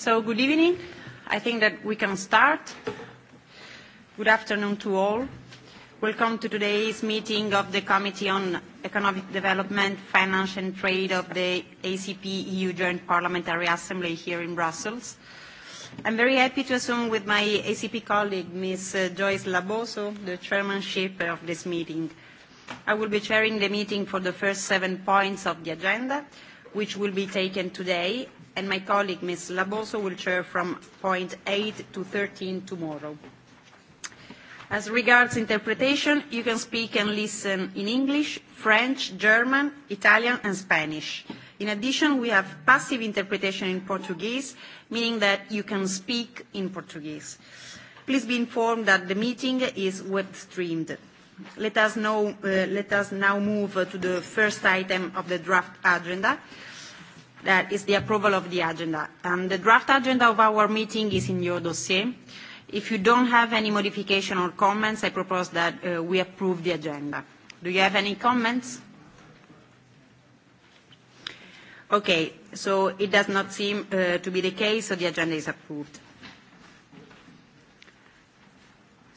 So good evening. I think that we can start. Good afternoon to all. Welcome to today's meeting of the Committee on Economic Development, Finance and Trade of the ACP-EU Joint Parliamentary Assembly here in Brussels. I'm very happy to assume with my ACP colleague, Ms. Joyce Laboso, the chairmanship of this meeting. I will be chairing the meeting for the first seven points of the agenda which will be taken today, and my colleague, Ms. Laboso, will chair from point 8 to 13 tomorrow. As regards interpretation, you can speak and listen in English, French, German, Italian and Spanish. In addition, we have passive interpretation in Portuguese, meaning that you can speak in Portuguese. Please be informed that the meeting is web-streamed. Let us now move to the first item of the draft agenda. That is the approval of the agenda. the draft agenda of our meeting is in your dossier. If you don't have any modification or comments, I propose that we approve the agenda. Do you have any comments? Okay, so it does not seem to be the case, so the agenda is approved.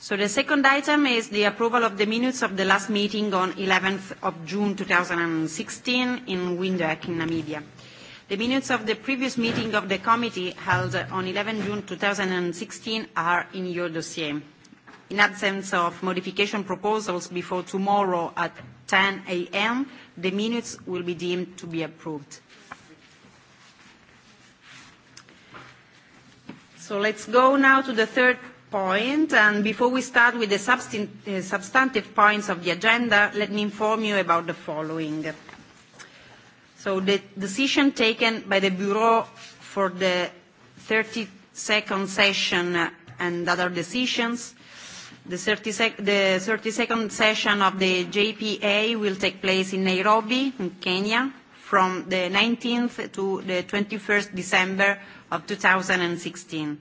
So the second item is the approval of the minutes of the last meeting on 11th of June 2016 in Windhoek in Namibia. The minutes of the previous meeting of the committee held on 11 June 2016 are in your dossier. In absence of modification proposals before tomorrow at 10 a.m., the minutes will be deemed to be approved. So let's go now to the third point. And before we start with the substantive points of the agenda, let me inform you about the following. So the decision taken by the Bureau for the 32nd session and other decisions, the 32nd session of the JPA will take place in Nairobi, in Kenya, from the 19th to the 21st December of 2016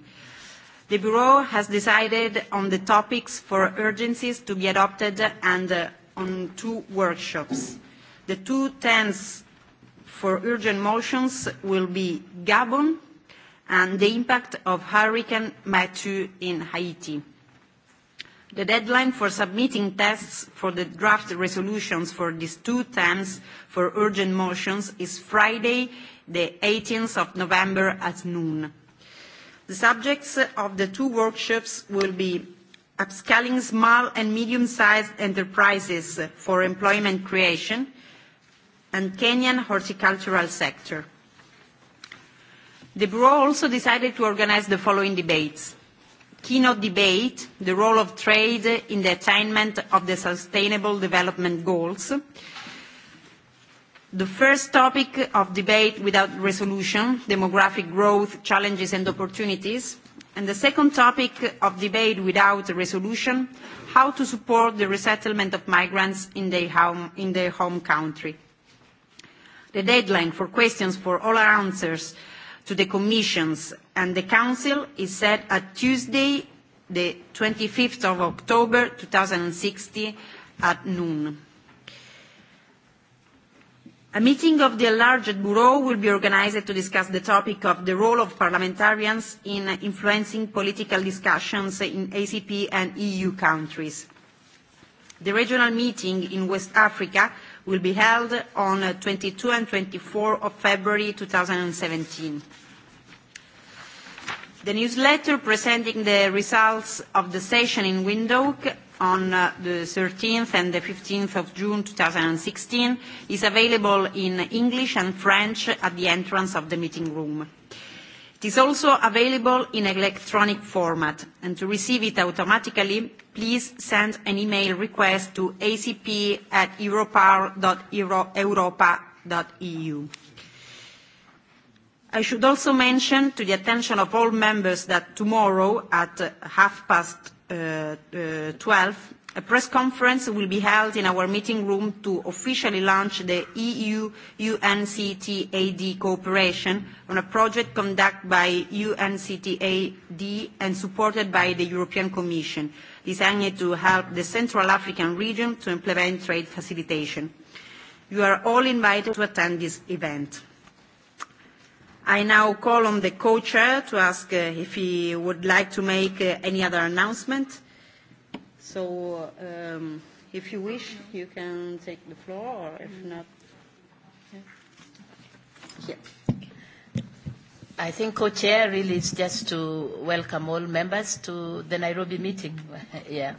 The Bureau has decided on the topics for urgencies to be adopted and on two workshops. The two tents for urgent motions will be Gabon and the impact of Hurricane Matthew in Haiti. The deadline for submitting tests for the draft resolutions for these two tents for urgent motions is Friday, the 18th of November at noon. The subjects of the two workshops will be upscaling small and medium-sized enterprises for employment creation and Kenyan horticultural sector. The Bureau also decided to organize the following debates. Keynote debate, the role of trade in the attainment of the Sustainable Development Goals, The first topic of debate without resolution, demographic growth, challenges and opportunities. And the second topic of debate without resolution, how to support the resettlement of migrants in their home country. The deadline for questions for all our answers to the Commissions and the Council is set at Tuesday, the 25th of October 2016 at noon. A meeting of the enlarged Bureau will be organised to discuss the topic of the role of parliamentarians in influencing political discussions in ACP and EU countries. The regional meeting in West Africa will be held on 22 and 24 of February 2017. The newsletter presenting the results of the session in Windhoek on the 13th and the 15th of June 2016, is available in English and French at the entrance of the meeting room. It is also available in electronic format, and to receive it automatically, please send an email request to acp@europarl.europa.eu. I should also mention to the attention of all members that tomorrow at half past 12, a press conference will be held in our meeting room to officially launch the EU-UNCTAD cooperation on a project conducted by UNCTAD and supported by the European Commission, designed to help the Central African region to implement trade facilitation. You are all invited to attend this event. I now call on the co-chair to ask if he would like to make any other announcement. So if you wish, you can take the floor, or if not. I think co-chair really is just to welcome all members to the Nairobi meeting. Yeah.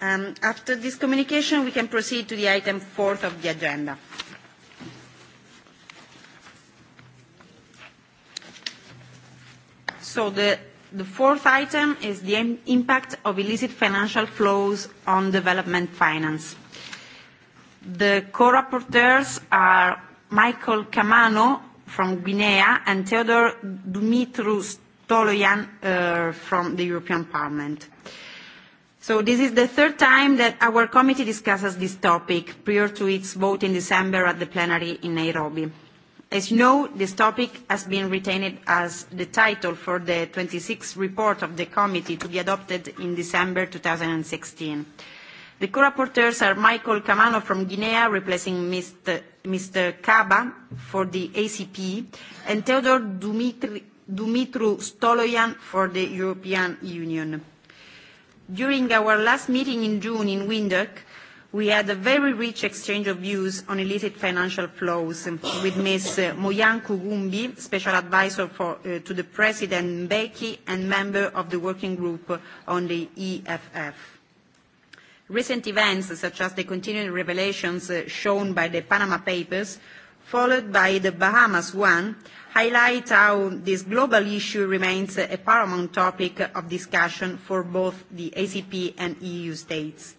After this communication, we can proceed to the item fourth of the agenda. So the fourth item is the impact of illicit financial flows on development finance. The co-rapporteurs are Michael Camano from Guinea and Theodor Dumitru Stoloyan from the European Parliament. So this is the third time that our committee discusses this topic prior to its vote in December at the plenary in Nairobi. As you know, this topic has been retained as the title for the 26th report of the committee to be adopted in December 2016. The co-rapporteurs are Michael Camano from Guinea, replacing Mr. Kaba for the ACP, and Theodor Dumitru Stoloyan for the European Union. During our last meeting in June in Windhoek, We had a very rich exchange of views on illicit financial flows with Ms. Moyan Kugumbi, Special Advisor to the President Mbeki and member of the Working Group on the EFF. Recent events, such as the continuing revelations shown by the Panama Papers, followed by the Bahamas one, highlight how this global issue remains a paramount topic of discussion for both the ACP and EU states.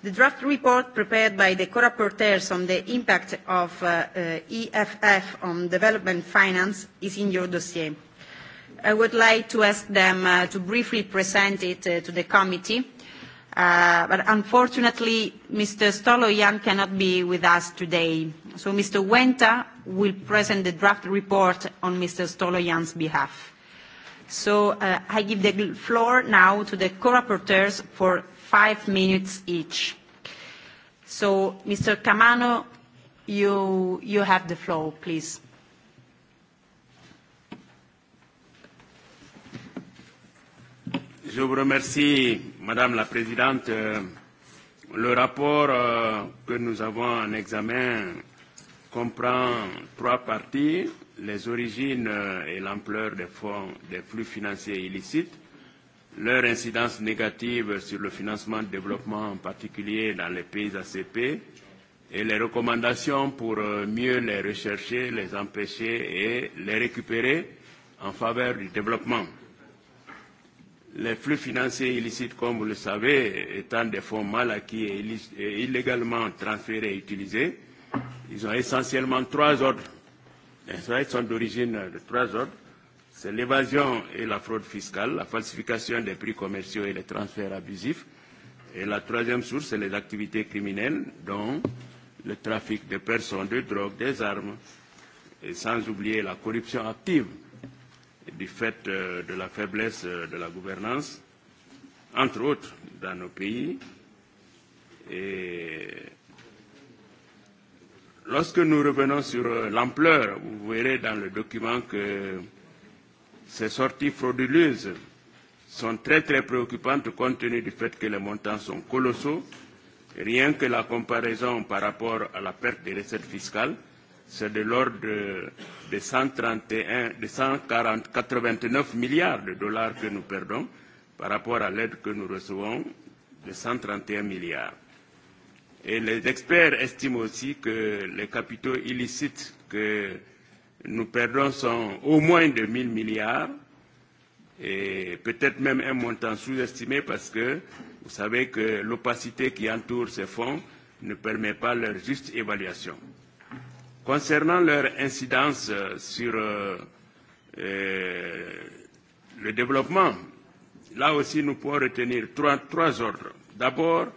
The draft report prepared by the co-rapporteurs on the impact of EFF on development finance is in your dossier. I would like to ask them to briefly present it to the committee, but unfortunately Mr. Stolojan cannot be with us today, so Mr. Wenta will present the draft report on Mr. Stolojan's behalf. So I give the floor now to the co-rapporteurs for five minutes each. So, Mr. Camano, you, you have the floor, please. Je vous remercie, Madame la Présidente. Le rapport que nous avons en examen comprend trois parties, les origines et l'ampleur des fonds des flux financiers illicites, Leur incidence négative sur le financement de développement, en particulier dans les pays ACP, et les recommandations pour mieux les rechercher, les empêcher et les récupérer en faveur du développement. Les flux financiers illicites, comme vous le savez, étant des fonds mal acquis et illégalement transférés et utilisés, ils ont essentiellement trois ordres. Ils sont d'origine de trois ordres C'est l'évasion et la fraude fiscale, la falsification des prix commerciaux et les transferts abusifs. Et la troisième source, c'est les activités criminelles, dont le trafic de personnes, de drogue, des armes, et sans oublier la corruption active du fait de la faiblesse de la gouvernance, entre autres dans nos pays. Et lorsque nous revenons sur l'ampleur, vous verrez dans le document que Ces sorties frauduleuses sont très très préoccupantes compte tenu du fait que les montants sont colossaux. Rien que la comparaison par rapport à la perte des recettes fiscales, c'est de l'ordre de 189 milliards de dollars que nous perdons par rapport à l'aide que nous recevons de 131 milliards. Et les experts estiment aussi que les capitaux illicites que nous perdons au moins de 1 milliards et peut-être même un montant sous-estimé parce que vous savez que l'opacité qui entoure ces fonds ne permet pas leur juste évaluation. Concernant leur incidence sur le développement, là aussi nous pouvons retenir trois ordres. D'abord,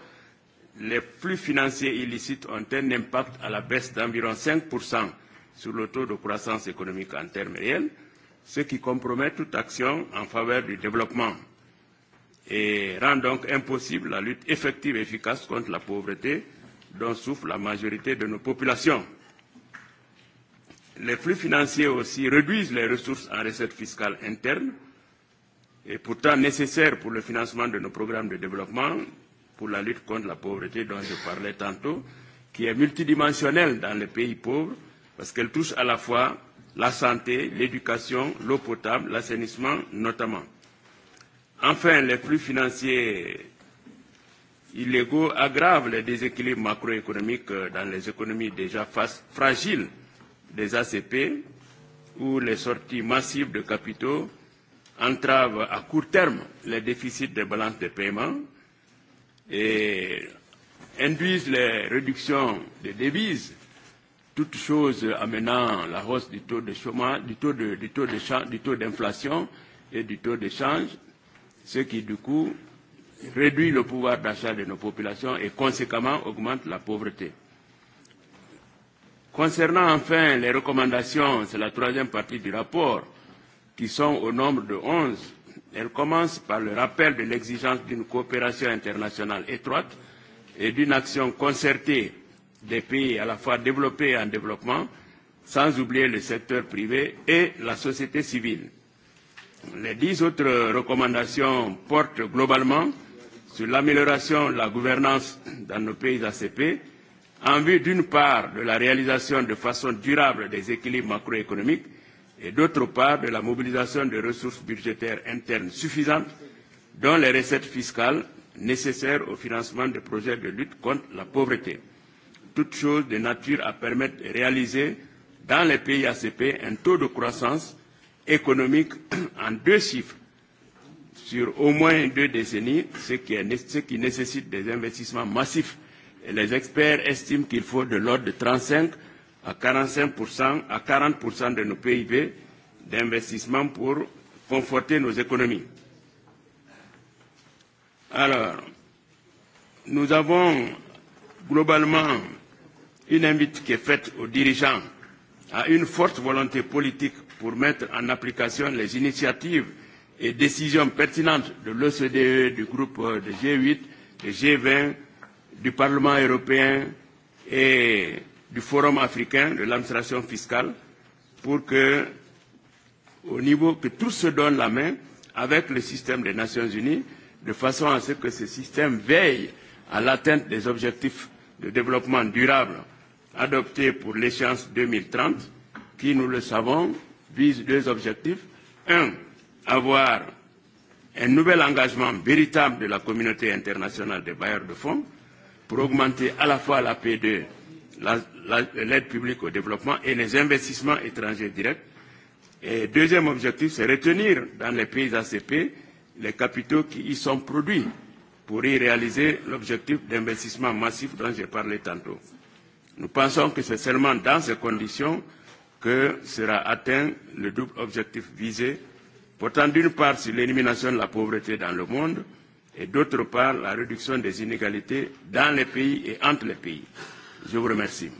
les flux financiers illicites ont un impact à la baisse d'environ 5% sur le taux de croissance économique en termes réels, ce qui compromet toute action en faveur du développement et rend donc impossible la lutte effective et efficace contre la pauvreté dont souffre la majorité de nos populations. Les flux financiers aussi réduisent les ressources en recettes fiscales internes et pourtant nécessaires pour le financement de nos programmes de développement, pour la lutte contre la pauvreté dont je parlais tantôt, qui est multidimensionnelle dans les pays pauvres parce qu'elle touche à la fois la santé, l'éducation, l'eau potable, l'assainissement notamment. Enfin, les flux financiers illégaux aggravent les déséquilibres macroéconomiques dans les économies déjà fragiles des ACP, où les sorties massives de capitaux entravent à court terme les déficits des balances de paiement et induisent les réductions des devises toute chose amenant la hausse du taux de chômage, du taux de, du taux de, du taux d'inflation et du taux d'échange, ce qui du coup réduit le pouvoir d'achat de nos populations et conséquemment augmente la pauvreté. Concernant enfin les recommandations, c'est la troisième partie du rapport, qui sont au nombre de 11, elles commencent par le rappel de l'exigence d'une coopération internationale étroite et d'une action concertée des pays à la fois développés et en développement, sans oublier le secteur privé et la société civile. Les dix autres recommandations portent globalement sur l'amélioration de la gouvernance dans nos pays ACP, en vue d'une part de la réalisation de façon durable des équilibres macroéconomiques et d'autre part de la mobilisation de ressources budgétaires internes suffisantes, dont les recettes fiscales nécessaires au financement des projets de lutte contre la pauvreté. Toutes chose de nature à permettre de réaliser dans les pays ACP un taux de croissance économique en deux chiffres sur au moins deux décennies, ce qui nécessite des investissements massifs. Et les experts estiment qu'il faut de l'ordre de 35 à 45 à 40 de nos PIB d'investissement pour conforter nos économies. Alors, nous avons globalement une invite qui est faite aux dirigeants à une forte volonté politique pour mettre en application les initiatives et décisions pertinentes de l'OCDE, du groupe de G8, de G20, du Parlement européen et du Forum africain de l'administration fiscale pour que, au niveau, que tous se donnent la main avec le système des Nations Unies, de façon à ce que ce système veille à l'atteinte des objectifs de développement durable adopté pour l'échéance 2030, qui, nous le savons, vise deux objectifs. Un, avoir un nouvel engagement véritable de la communauté internationale des bailleurs de fonds pour augmenter à la fois la P2, l'aide publique au développement et les investissements étrangers directs. Et deuxième objectif, c'est retenir dans les pays ACP les capitaux qui y sont produits pour y réaliser l'objectif d'investissement massif dont j'ai parlé tantôt. Nous pensons que c'est seulement dans ces conditions que sera atteint le double objectif visé, portant d'une part sur l'élimination de la pauvreté dans le monde et d'autre part la réduction des inégalités dans les pays et entre les pays. Je vous remercie.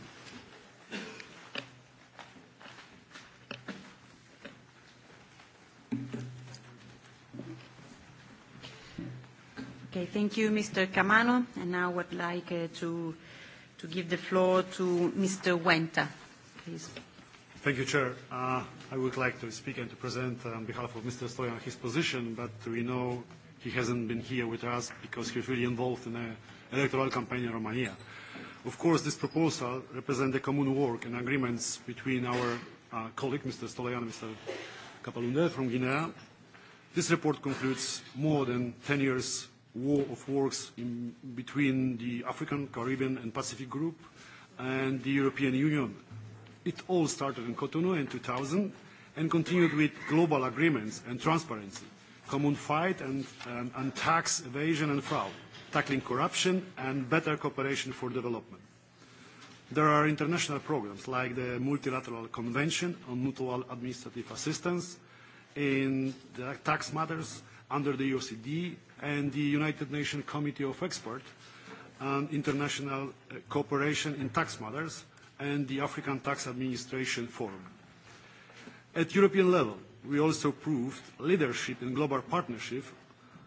Okay, thank you, Mr. Camano. And now I like to to give the floor to Mr. Wenta, please. Thank you, Chair. I would like to speak and to present on behalf of Mr. Stoyan his position, but we know he hasn't been here with us because he's really involved in an electoral campaign in Romania. Of course, this proposal represents the common work and agreements between our colleague, Mr. Stoyan, and Mr. Capalunde from Guinea. This report concludes more than 10 years war of works between the African, Caribbean and Pacific Group and the European Union. It all started in Cotonou in 2000 and continued with global agreements and transparency, common fight and tax evasion and fraud, tackling corruption and better cooperation for development. There are international programs like the Multilateral Convention on Mutual Administrative Assistance in tax matters under the OECD and the United Nations Committee of Experts on International Cooperation in Tax Matters and the African Tax Administration Forum. At European level, we also proved leadership in global partnership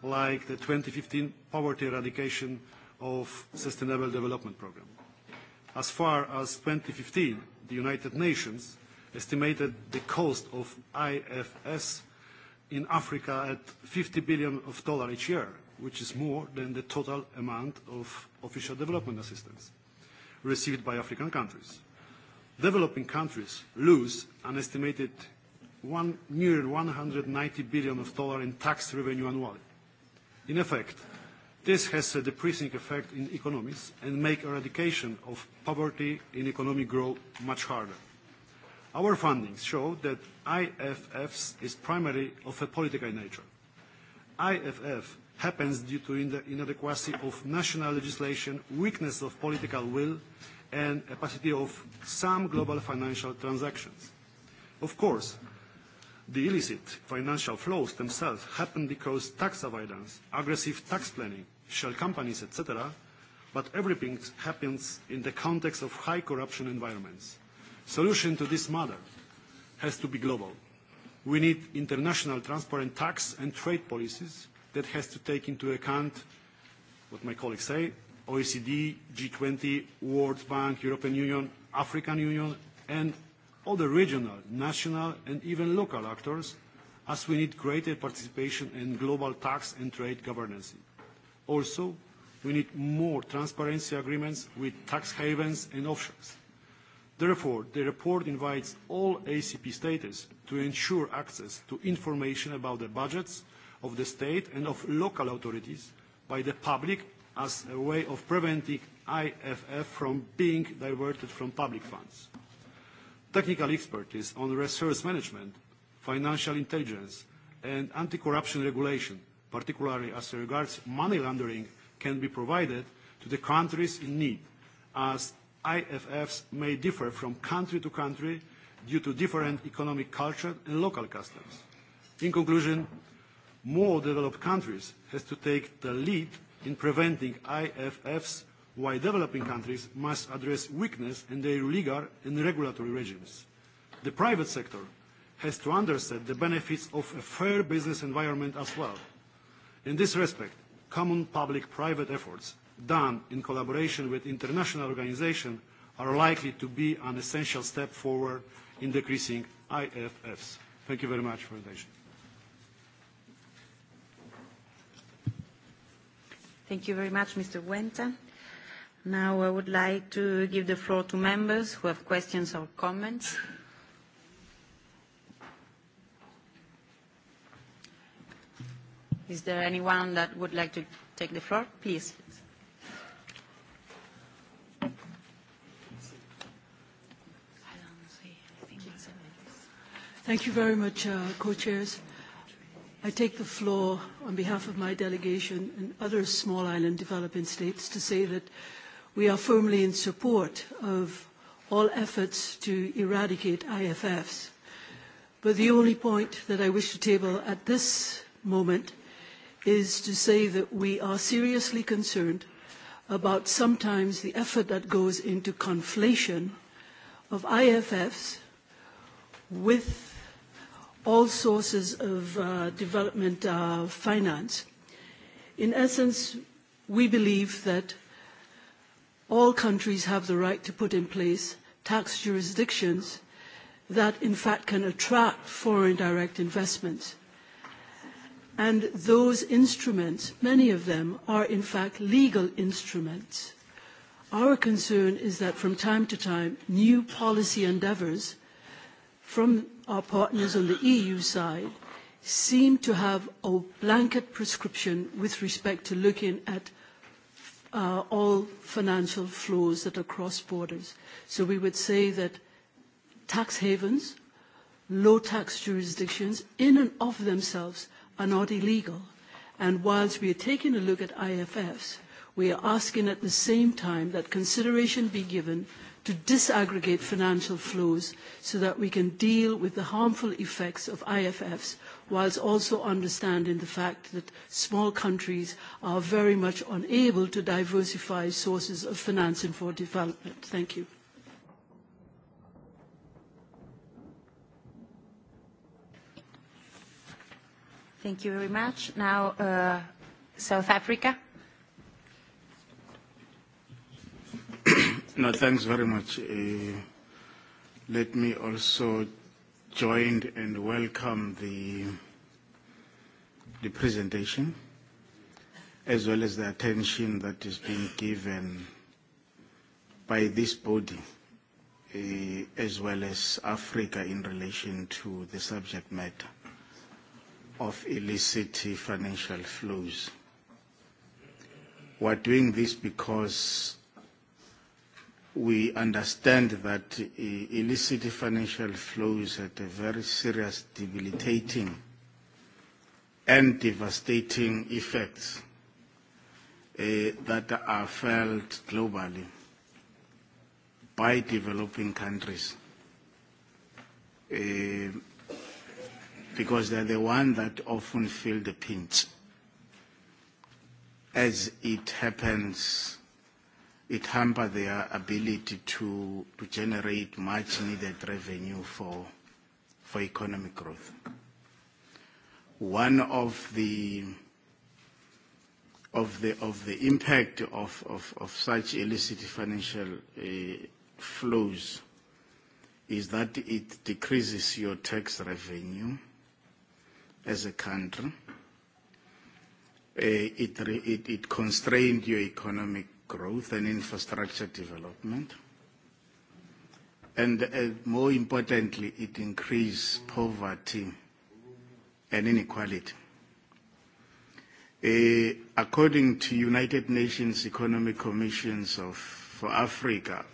like the 2015 Poverty Eradication of Sustainable Development Programme. As far as 2015, the United Nations estimated the cost of IFS in Africa at 50 billion of dollar each year, which is more than the total amount of official development assistance received by African countries. Developing countries lose an estimated near 190 billion of dollar in tax revenue annually. In effect, this has a depressing effect in economies and make eradication of poverty in economic growth much harder. Our findings show that IFFs is primarily of a political nature. IFF happens due to inadequacy of national legislation, weakness of political will, and opacity of some global financial transactions. Of course, the illicit financial flows themselves happen because tax avoidance, aggressive tax planning, shell companies, etc., but everything happens in the context of high corruption environments. Solution to this matter has to be global. We need international transparent tax and trade policies that has to take into account what my colleagues say, OECD, G20, World Bank, European Union, African Union, and all the regional, national, and even local actors, as we need greater participation in global tax and trade governance. Also, we need more transparency agreements with tax havens and offshores Therefore, the report invites all ACP states to ensure access to information about the budgets of the state and of local authorities by the public as a way of preventing IFF from being diverted from public funds. Technical expertise on resource management, financial intelligence and anti-corruption regulation, particularly as regards money laundering, can be provided to the countries in need, as IFFs may differ from country to country due to different economic culture and local customs. In conclusion, more developed countries have to take the lead in preventing IFFs, while developing countries must address weakness in their legal and regulatory regimes. The private sector has to understand the benefits of a fair business environment as well. In this respect, common public-private efforts done in collaboration with international organizations are likely to be an essential step forward in decreasing IFFs. Thank you very much for your attention. Thank you very much, Mr. Wenta. Now I would like to give the floor to members who have questions or comments. Is there anyone that would like to take the floor? Please. Thank you very much, co-chairs. I take the floor on behalf of my delegation and other small island developing states to say that we are firmly in support of all efforts to eradicate IFFs. But the only point that I wish to table at this moment is to say that we are seriously concerned about sometimes the effort that goes into conflation of IFFs with all sources of development finance. In essence, we believe that all countries have the right to put in place tax jurisdictions that in fact can attract foreign direct investments, And those instruments, many of them, are in fact legal instruments. Our concern is that from time to time, new policy endeavours from our partners on the EU side seem to have a blanket prescription with respect to looking at all financial flows that are cross borders. So we would say that tax havens, low tax jurisdictions in and of themselves are not illegal. And whilst we are taking a look at IFFs, we are asking at the same time that consideration be given to disaggregate financial flows so that we can deal with the harmful effects of IFFs whilst also understanding the fact that small countries are very much unable to diversify sources of financing for development. Thank you. Thank you very much. Now, South Africa. No, thanks very much. Let me also join and welcome the the presentation as well as the attention that is being given by this body as well as Africa in relation to the subject matter of illicit financial flows. We are doing this because we understand that illicit financial flows had a very serious debilitating and devastating effects that are felt globally by developing countries because they are the ones that often feel the pinch as it happens it hamper their ability to to generate much needed revenue for for economic growth. One of the of the of the impact of of of such illicit financial flows is that it decreases your tax revenue as a country. It it it constrains your economic growth and infrastructure development. And more importantly, it increases poverty and inequality. According to United Nations Economic Commissions for Africa,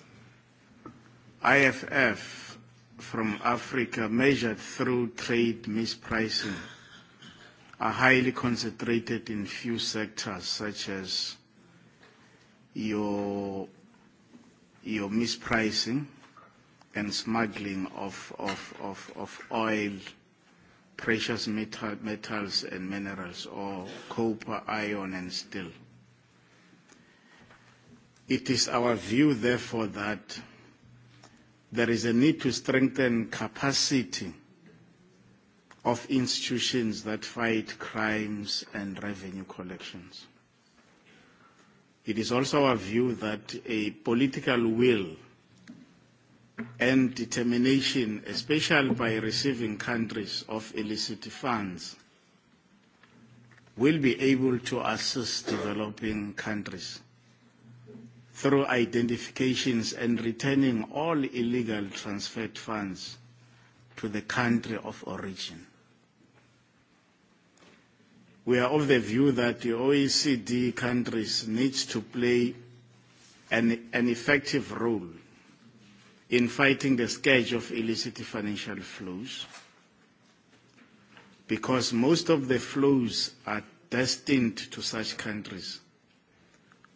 IFF from Africa measured through trade mispricing are highly concentrated in few sectors such as your mispricing and smuggling of of of of oil, precious metals and minerals or copper, iron and steel. It is our view, therefore, that there is a need to strengthen capacity of institutions that fight crimes and revenue collections. It is also our view that a political will and determination, especially by receiving countries of illicit funds, will be able to assist developing countries through identifications and returning all illegal transferred funds to the country of origin we are of the view that the OECD countries need to play an effective role in fighting the scourge of illicit financial flows because most of the flows are destined to such countries,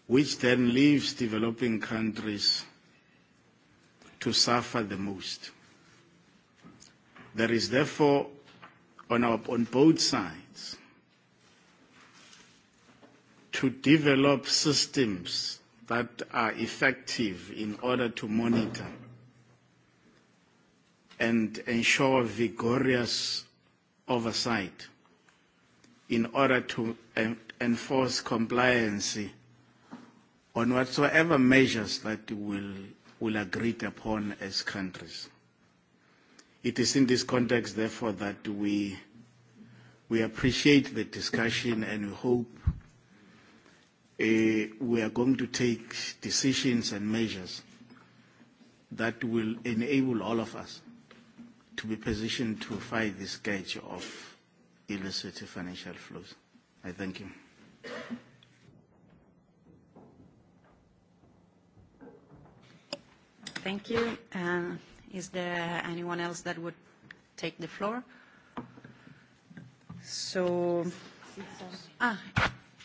which then leaves developing countries to suffer the most. There is therefore, on both sides, to develop systems that are effective in order to monitor and ensure vigorous oversight in order to enforce compliance on whatsoever measures that will will agree upon as countries. It is in this context, therefore, that we we appreciate the discussion and we hope we are going to take decisions and measures that will enable all of us to be positioned to fight this scourge of illicit financial flows. I thank you. Thank you. Is there anyone else that would take the floor? So, ah,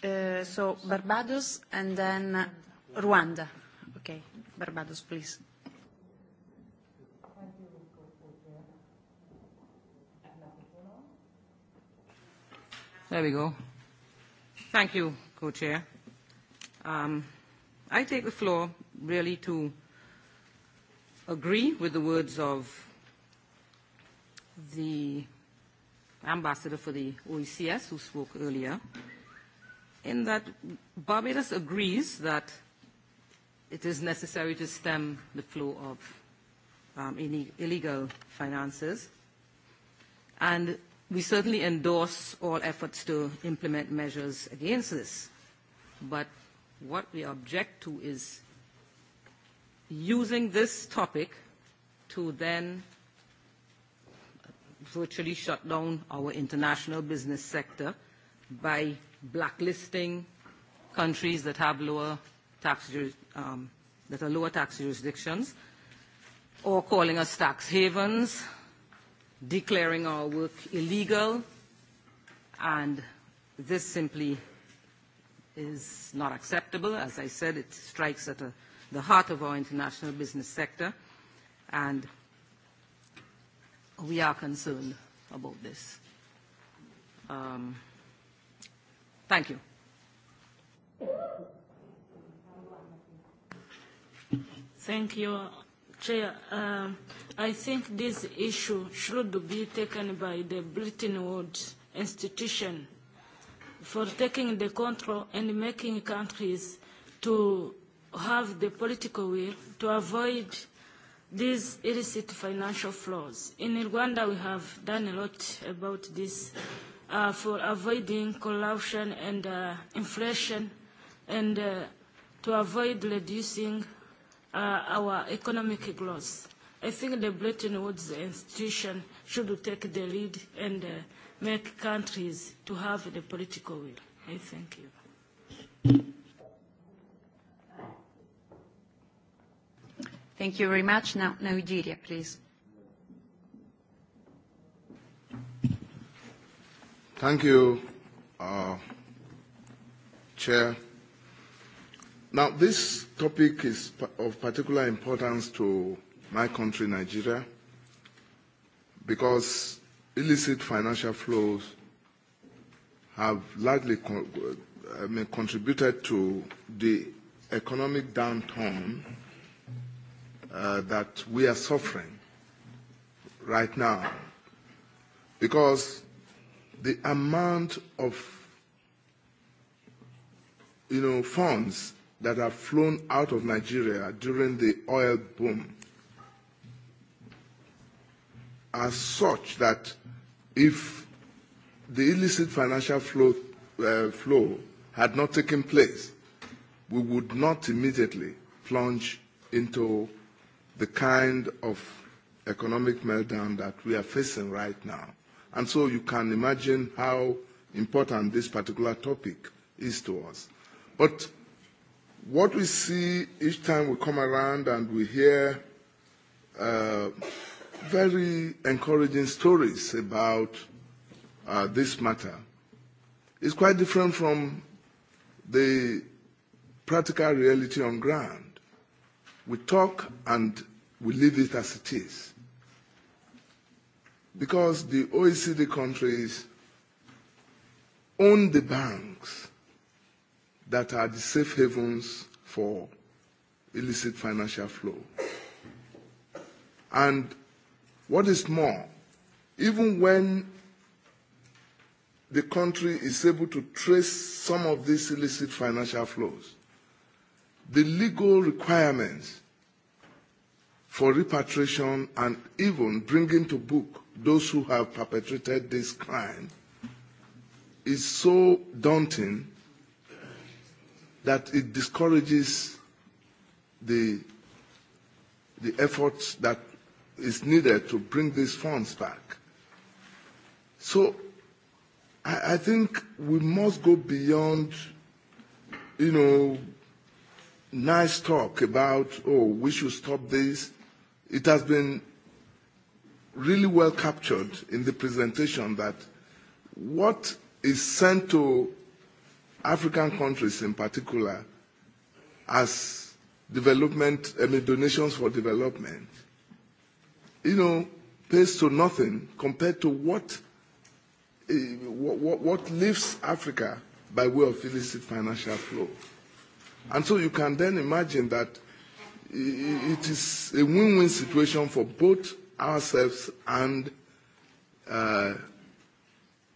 So Barbados and then Rwanda. Okay, Barbados, please. There we go. Thank you, Co-Chair. Um, I take the floor really to agree with the words of the Ambassador for the OECS who spoke earlier in that Barbados agrees that it is necessary to stem the flow of illegal finances, and we certainly endorse all efforts to implement measures against this. But what we object to is using this topic to then virtually shut down our international business sector by blacklisting countries that have lower tax that are lower tax jurisdictions, or calling us tax havens, declaring our work illegal, and this simply is not acceptable. As I said, it strikes at the heart of our international business sector, and we are concerned about this. Um Thank you. Thank you, Chair. I think this issue should be taken by the Bretton Woods institution for taking the control and making countries to have the political will to avoid these illicit financial flows. In Rwanda, we have done a lot about this for avoiding corruption and inflation and to avoid reducing our economic growth. I think the Bretton Woods institution should take the lead and make countries to have the political will. I thank you. Thank you very much. Now Nigeria, please. Thank you, uh, Chair. Now, this topic is of particular importance to my country, Nigeria, because illicit financial flows have largely I mean, contributed to the economic downturn that we are suffering right now. Because the amount of you know, funds that have flown out of Nigeria during the oil boom are such that if the illicit financial flow had not taken place, we would not immediately plunge into the kind of economic meltdown that we are facing right now. And so you can imagine how important this particular topic is to us. But what we see each time we come around and we hear very encouraging stories about this matter is quite different from the practical reality on ground. We talk and we leave it as it is because the OECD countries own the banks that are the safe havens for illicit financial flow. And what is more, even when the country is able to trace some of these illicit financial flows, the legal requirements for repatriation and even bringing to book those who have perpetrated this crime is so daunting that it discourages the the efforts that is needed to bring these funds back. So I, I think we must go beyond, you know, nice talk about, oh, we should stop this. It has been really well captured in the presentation that what is sent to African countries in particular as development, I mean, donations for development, you know, pays to nothing compared to what, what, what leaves Africa by way of illicit financial flow. And so you can then imagine that it is a win-win situation for both ourselves and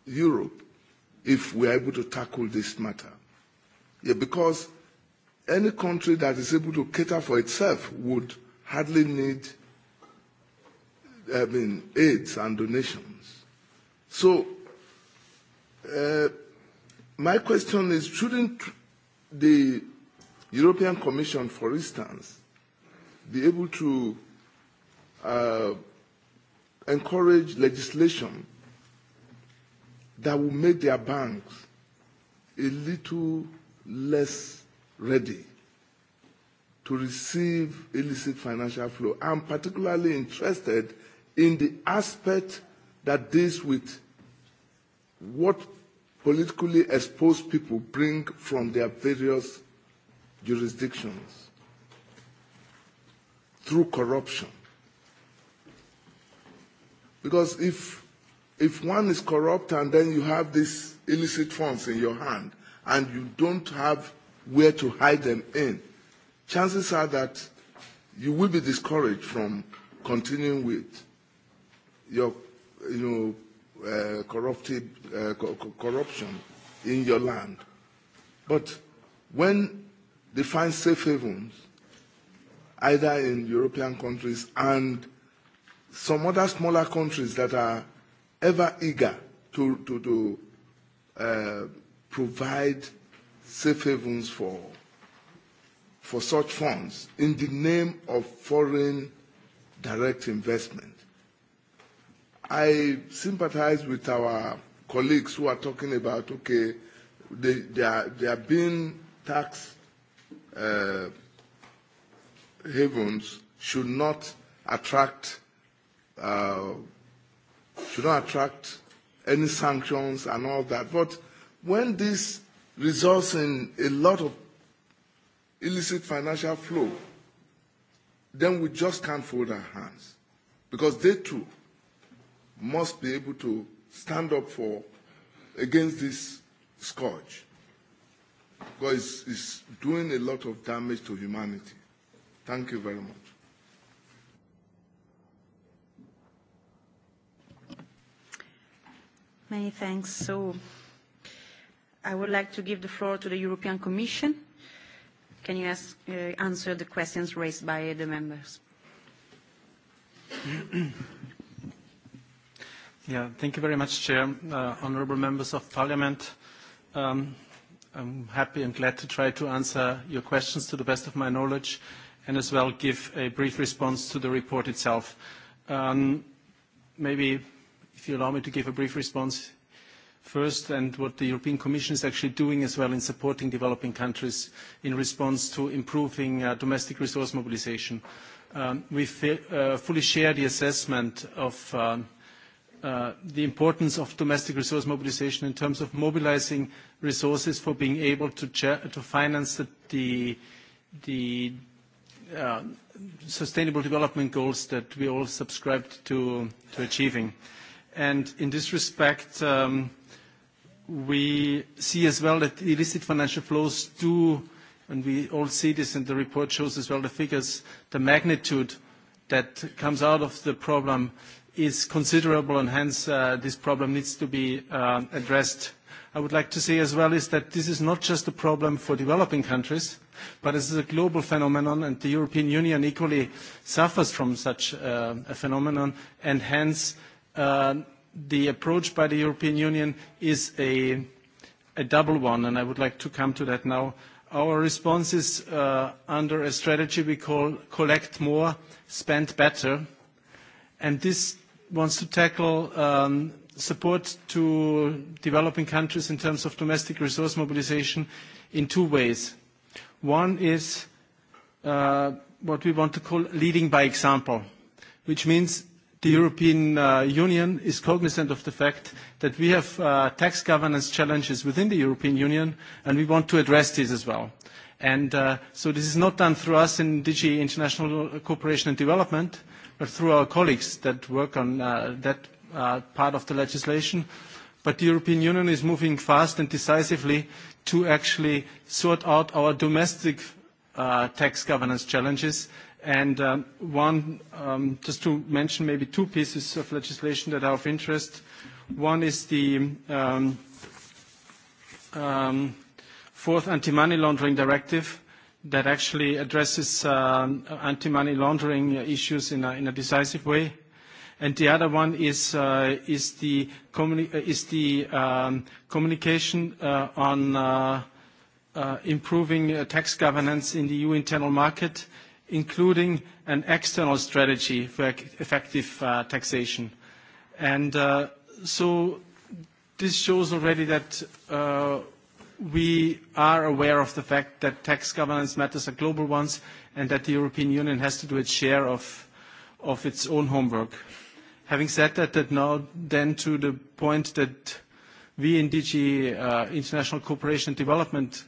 Europe if we are able to tackle this matter. Because any country that is able to cater for itself would hardly need I mean, aids and donations. So my question is, shouldn't the European Commission, for instance, be able to encourage legislation that will make their banks a little less ready to receive illicit financial flow. I'm particularly interested in the aspect that deals with what politically exposed people bring from their various jurisdictions through corruption. Because if, if one is corrupt and then you have these illicit funds in your hand and you don't have where to hide them in, chances are that you will be discouraged from continuing with your, you know, corrupted, corruption in your land. But when they find safe havens, either in European countries and some other smaller countries that are ever eager to, to, provide safe havens for, for such funds in the name of foreign direct investment. I sympathize with our colleagues who are talking about, okay, they, they, are, being tax havens should not attract should not attract any sanctions and all that. But when this results in a lot of illicit financial flow, then we just can't fold our hands because they too must be able to stand up for against this scourge because it's doing a lot of damage to humanity. Thank you very much. Many thanks. So I would like to give the floor to the European Commission. Can you answer the questions raised by the members? Yeah, thank you very much, Chair. Honourable members of Parliament, I'm happy and glad to try to answer your questions to the best of my knowledge and as well give a brief response to the report itself. Maybe if you allow me to give a brief response first, and what the European Commission is actually doing as well in supporting developing countries in response to improving domestic resource mobilization. We fully share the assessment of the importance of domestic resource mobilization in terms of mobilizing resources for being able to finance the sustainable development goals that we all subscribed to achieving. And in this respect, we see as well that illicit financial flows do, and we all see this, and the report shows as well the figures, the magnitude that comes out of the problem is considerable, and hence this problem needs to be addressed. I would like to say as well is that this is not just a problem for developing countries, but this is a global phenomenon, and the European Union equally suffers from such a phenomenon, and hence the approach by the European Union is a double one, and I would like to come to that now. Our response is under a strategy we call collect more, spend better, and this wants to tackle support to developing countries in terms of domestic resource mobilisation in two ways. One is what we want to call leading by example, which means the European Union is cognizant of the fact that we have tax governance challenges within the European Union, and we want to address these as well. And so this is not done through us in DG International Cooperation and Development, but through our colleagues that work on that part of the legislation. But the European Union is moving fast and decisively to actually sort out our domestic tax governance challenges And one, just to mention maybe two pieces of legislation that are of interest. One is the fourth anti-money laundering directive that actually addresses anti-money laundering issues in a decisive way. And the other one is the communication on improving tax governance in the EU internal market including an external strategy for effective taxation. And so this shows already that we are aware of the fact that tax governance matters are global ones and that the European Union has to do its share of its own homework. Having said that, now then to the point that we in DG International Cooperation and Development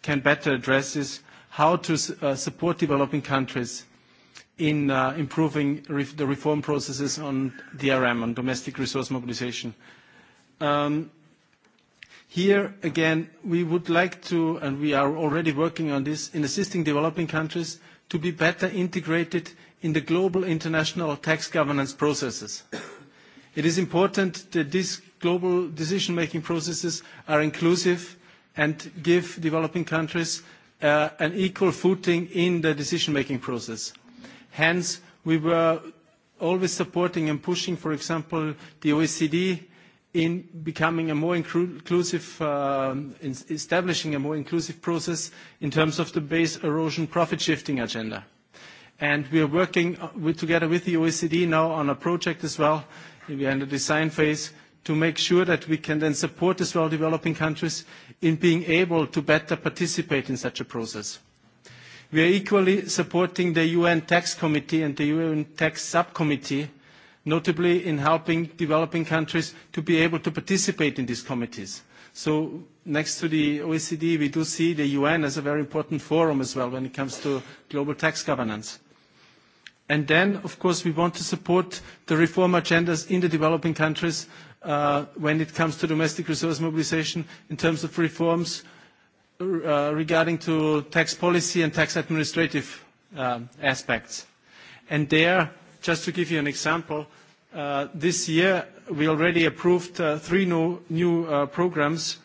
can better address is how to support developing countries in improving the reform processes on DRM, on domestic resource mobilization. Here, again, we would like to, and we are already working on this, in assisting developing countries to be better integrated in the global international tax governance processes. It is important that these global decision-making processes are inclusive and give developing countries an equal footing in the decision-making process. Hence, we were always supporting and pushing, for example, the OECD in becoming a more inclusive, in establishing a more inclusive process in terms of the base erosion profit shifting agenda. And we are working together with the OECD now on a project as well. We are in the design phase to make sure that we can then support as well developing countries in being able to better participate in such a process. We are equally supporting the UN Tax Committee and the UN Tax Subcommittee, notably in helping developing countries to be able to participate in these committees. So next to the OECD, we do see the UN as a very important forum as well when it comes to global tax governance. And then, of course, we want to support the reform agendas in the developing countries when it comes to domestic resource mobilization in terms of reforms regarding to tax policy and tax administrative aspects. And there, just to give you an example, this year we already approved three new programs.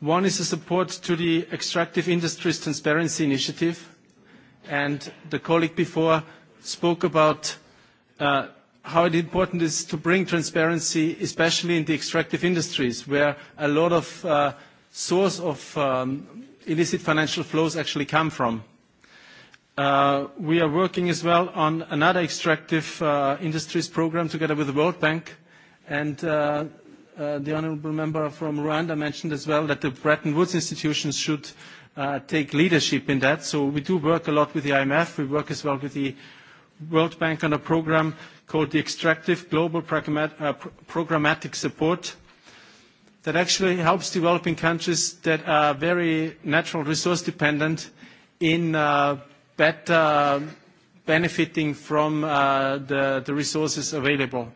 One is the support to the Extractive Industries Transparency Initiative, and the colleague before spoke about how important it is to bring transparency, especially in the extractive industries, where a lot of source of illicit financial flows actually come from. We are working as well on another extractive industries program together with the World Bank, and the honorable member from Rwanda mentioned as well that the Bretton Woods institutions should take leadership in that. So we do work a lot with the IMF. We work as well with the World Bank on a program called the Extractive Global Programmatic Support that actually helps developing countries that are very natural resource dependent in better benefiting from the resources available.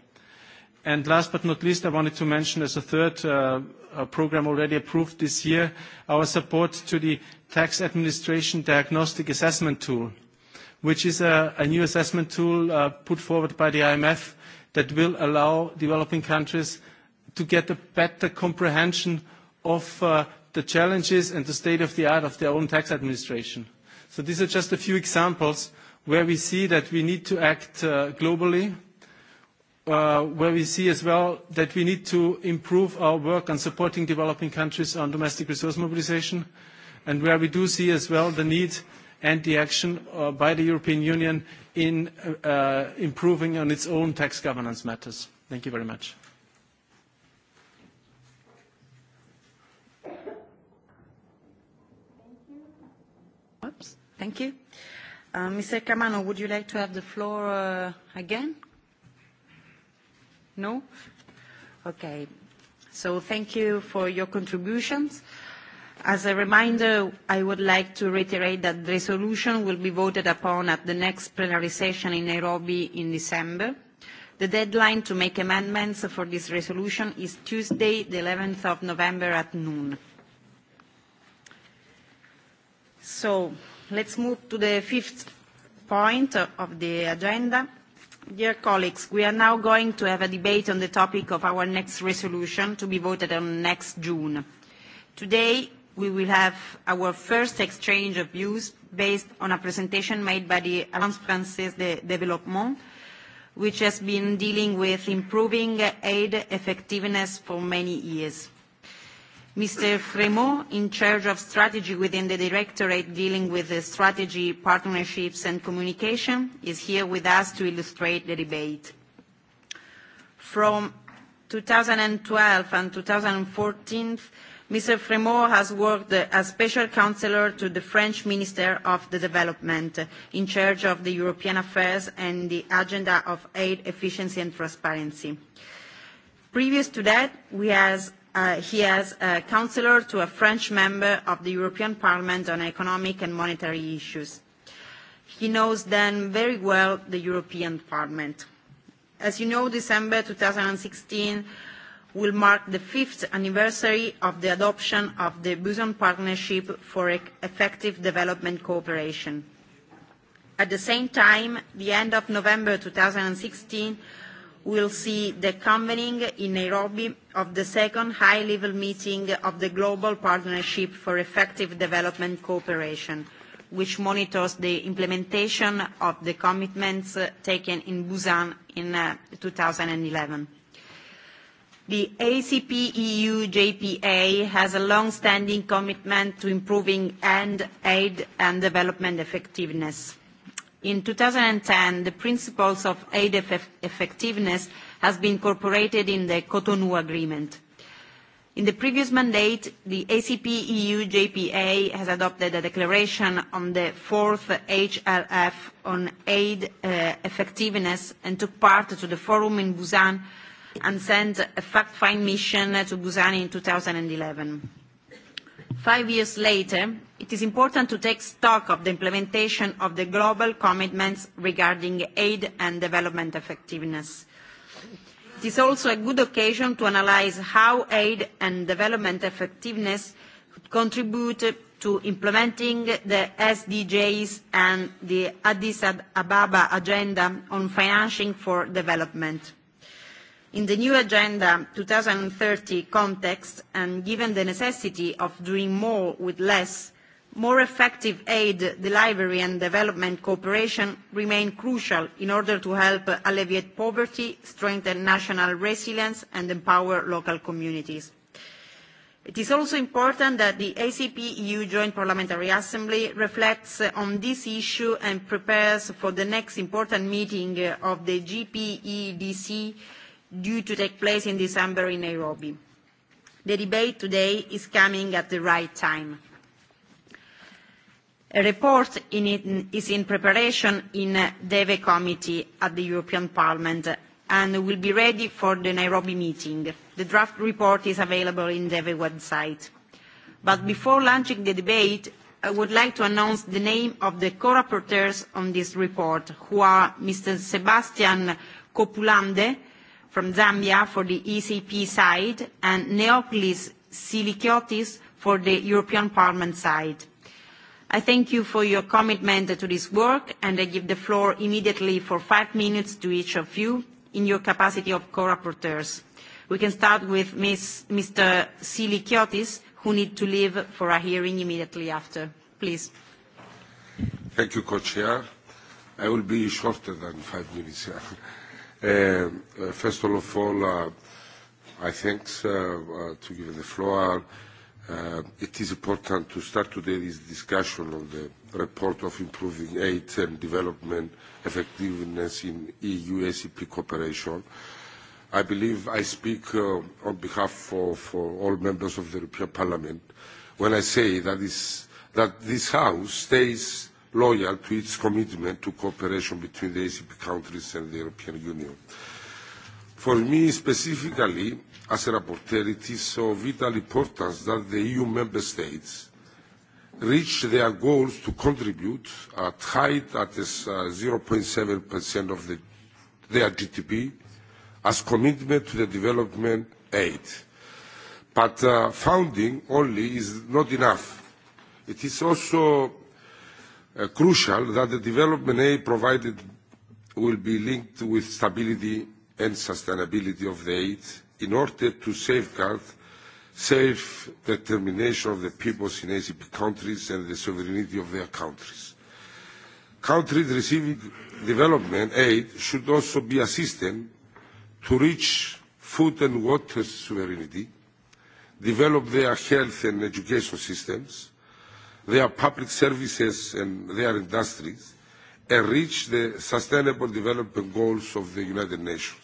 And last but not least, I wanted to mention as a third program already approved this year, our support to the Tax Administration Diagnostic Assessment Tool which is a new assessment tool put forward by the IMF that will allow developing countries to get a better comprehension of the challenges and the state of the art of their own tax administration. So these are just a few examples where we see that we need to act globally, where we see as well that we need to improve our work on supporting developing countries on domestic resource mobilization, and where we do see as well the need and the action by the European Union in improving on its own tax governance matters. Thank you very much. Thank you. Mr. Camano, would you like to have the floor again? No? Okay. So thank you for your contributions. As a reminder, I would like to reiterate that the resolution will be voted upon at the next plenary session in Nairobi in December. The deadline to make amendments for this resolution is Tuesday, the 11th of November at noon. So let's move to the fifth point of the agenda. Dear colleagues, we are now going to have a debate on the topic of our next resolution to be voted on next June. Today, we will have our first exchange of views based on a presentation made by the Alliance Française de Développement, which has been dealing with improving aid effectiveness for many years. Mr. Fremont, in charge of strategy within the directorate dealing with the strategy, partnerships and communication, is here with us to illustrate the debate. From 2012 and 2014, Mr. Fremont has worked as special counsellor to the French Minister of the Development in charge of the European affairs and the agenda of aid efficiency and transparency. Previous to that, he has a counselor to a French member of the European Parliament on economic and monetary issues. He knows then very well the European Parliament. As you know, December 2016 will mark the fifth anniversary of the adoption of the Busan Partnership for Effective Development Cooperation. At the same time, the end of November 2016 will see the convening in Nairobi of the second high-level meeting of the Global Partnership for Effective Development Cooperation, which monitors the implementation of the commitments taken in Busan in 2011. The ACP EU JPA has a long standing commitment to improving end aid and development effectiveness. In 2010, the principles of aid effectiveness has been incorporated in the Cotonou Agreement. In the previous mandate, the ACP EU JPA has adopted a declaration on the fourth HLF on aid effectiveness and took part to the forum in Busan and sent a fact-find mission to Busan in 2011. Five years later, it is important to take stock of the implementation of the global commitments regarding aid and development effectiveness. It is also a good occasion to analyse how aid and development effectiveness contribute to implementing the SDGs and the Addis Ababa Agenda on Financing for Development. In the new Agenda 2030 context, and given the necessity of doing more with less, more effective aid delivery and development cooperation remain crucial in order to help alleviate poverty, strengthen national resilience, and empower local communities. It is also important that the ACP-EU Joint Parliamentary Assembly reflects on this issue and prepares for the next important meeting of the GPEDC due to take place in December in Nairobi. The debate today is coming at the right time. A report is in preparation in DEVE committee at the European Parliament and will be ready for the Nairobi meeting. The draft report is available in DEVE website. But before launching the debate, I would like to announce the name of the co-rapporteurs on this report, who are Mr. Sebastian Copulande, from Zambia for the ECP side and Neopolis Silikiotis for the European Parliament side. I thank you for your commitment to this work and I give the floor immediately for five minutes to each of you in your capacity of co-rapporteurs. We can start with Mr. Silikiotis, who need to leave for a hearing immediately after. Please. Thank you, Co-Chair. I will be shorter than five minutes. First of all, I thank to give the floor. It is important to start today this discussion on the report of improving aid and development effectiveness in EU-ACP cooperation. I believe I speak on behalf of all members of the European Parliament when I say that this House stays loyal to its commitment to cooperation between the ACP countries and the European Union. For me specifically, as a rapporteur, it is of vital importance that the EU member states reach their goals to contribute at height at 0.7% of their GDP as commitment to the development aid. But funding only is not enough. It is also crucial that the development aid provided will be linked with stability and sustainability of the aid in order to safeguard safe determination of the peoples in ACP countries and the sovereignty of their countries. Countries receiving development aid should also be assisted to reach food and water sovereignty, develop their health and education systems, their public services and their industries and reach the sustainable development goals of the United Nations.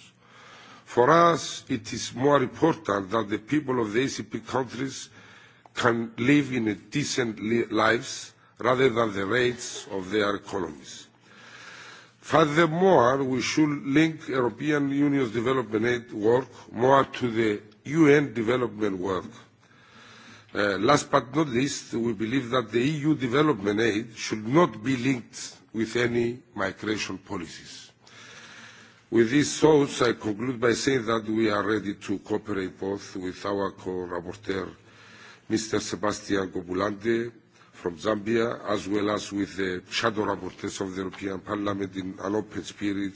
For us, it is more important that the people of the ACP countries can live in decent lives rather than the rates of their economies. Furthermore, we should link European Union's development aid work more to the UN development work Last but not least, we believe that the EU development aid should not be linked with any migration policies. With these thoughts, I conclude by saying that we are ready to cooperate both with our co-rapporteur, Mr. Sebastian Gobulande from Zambia, as well as with the shadow rapporteurs of the European Parliament in an open spirit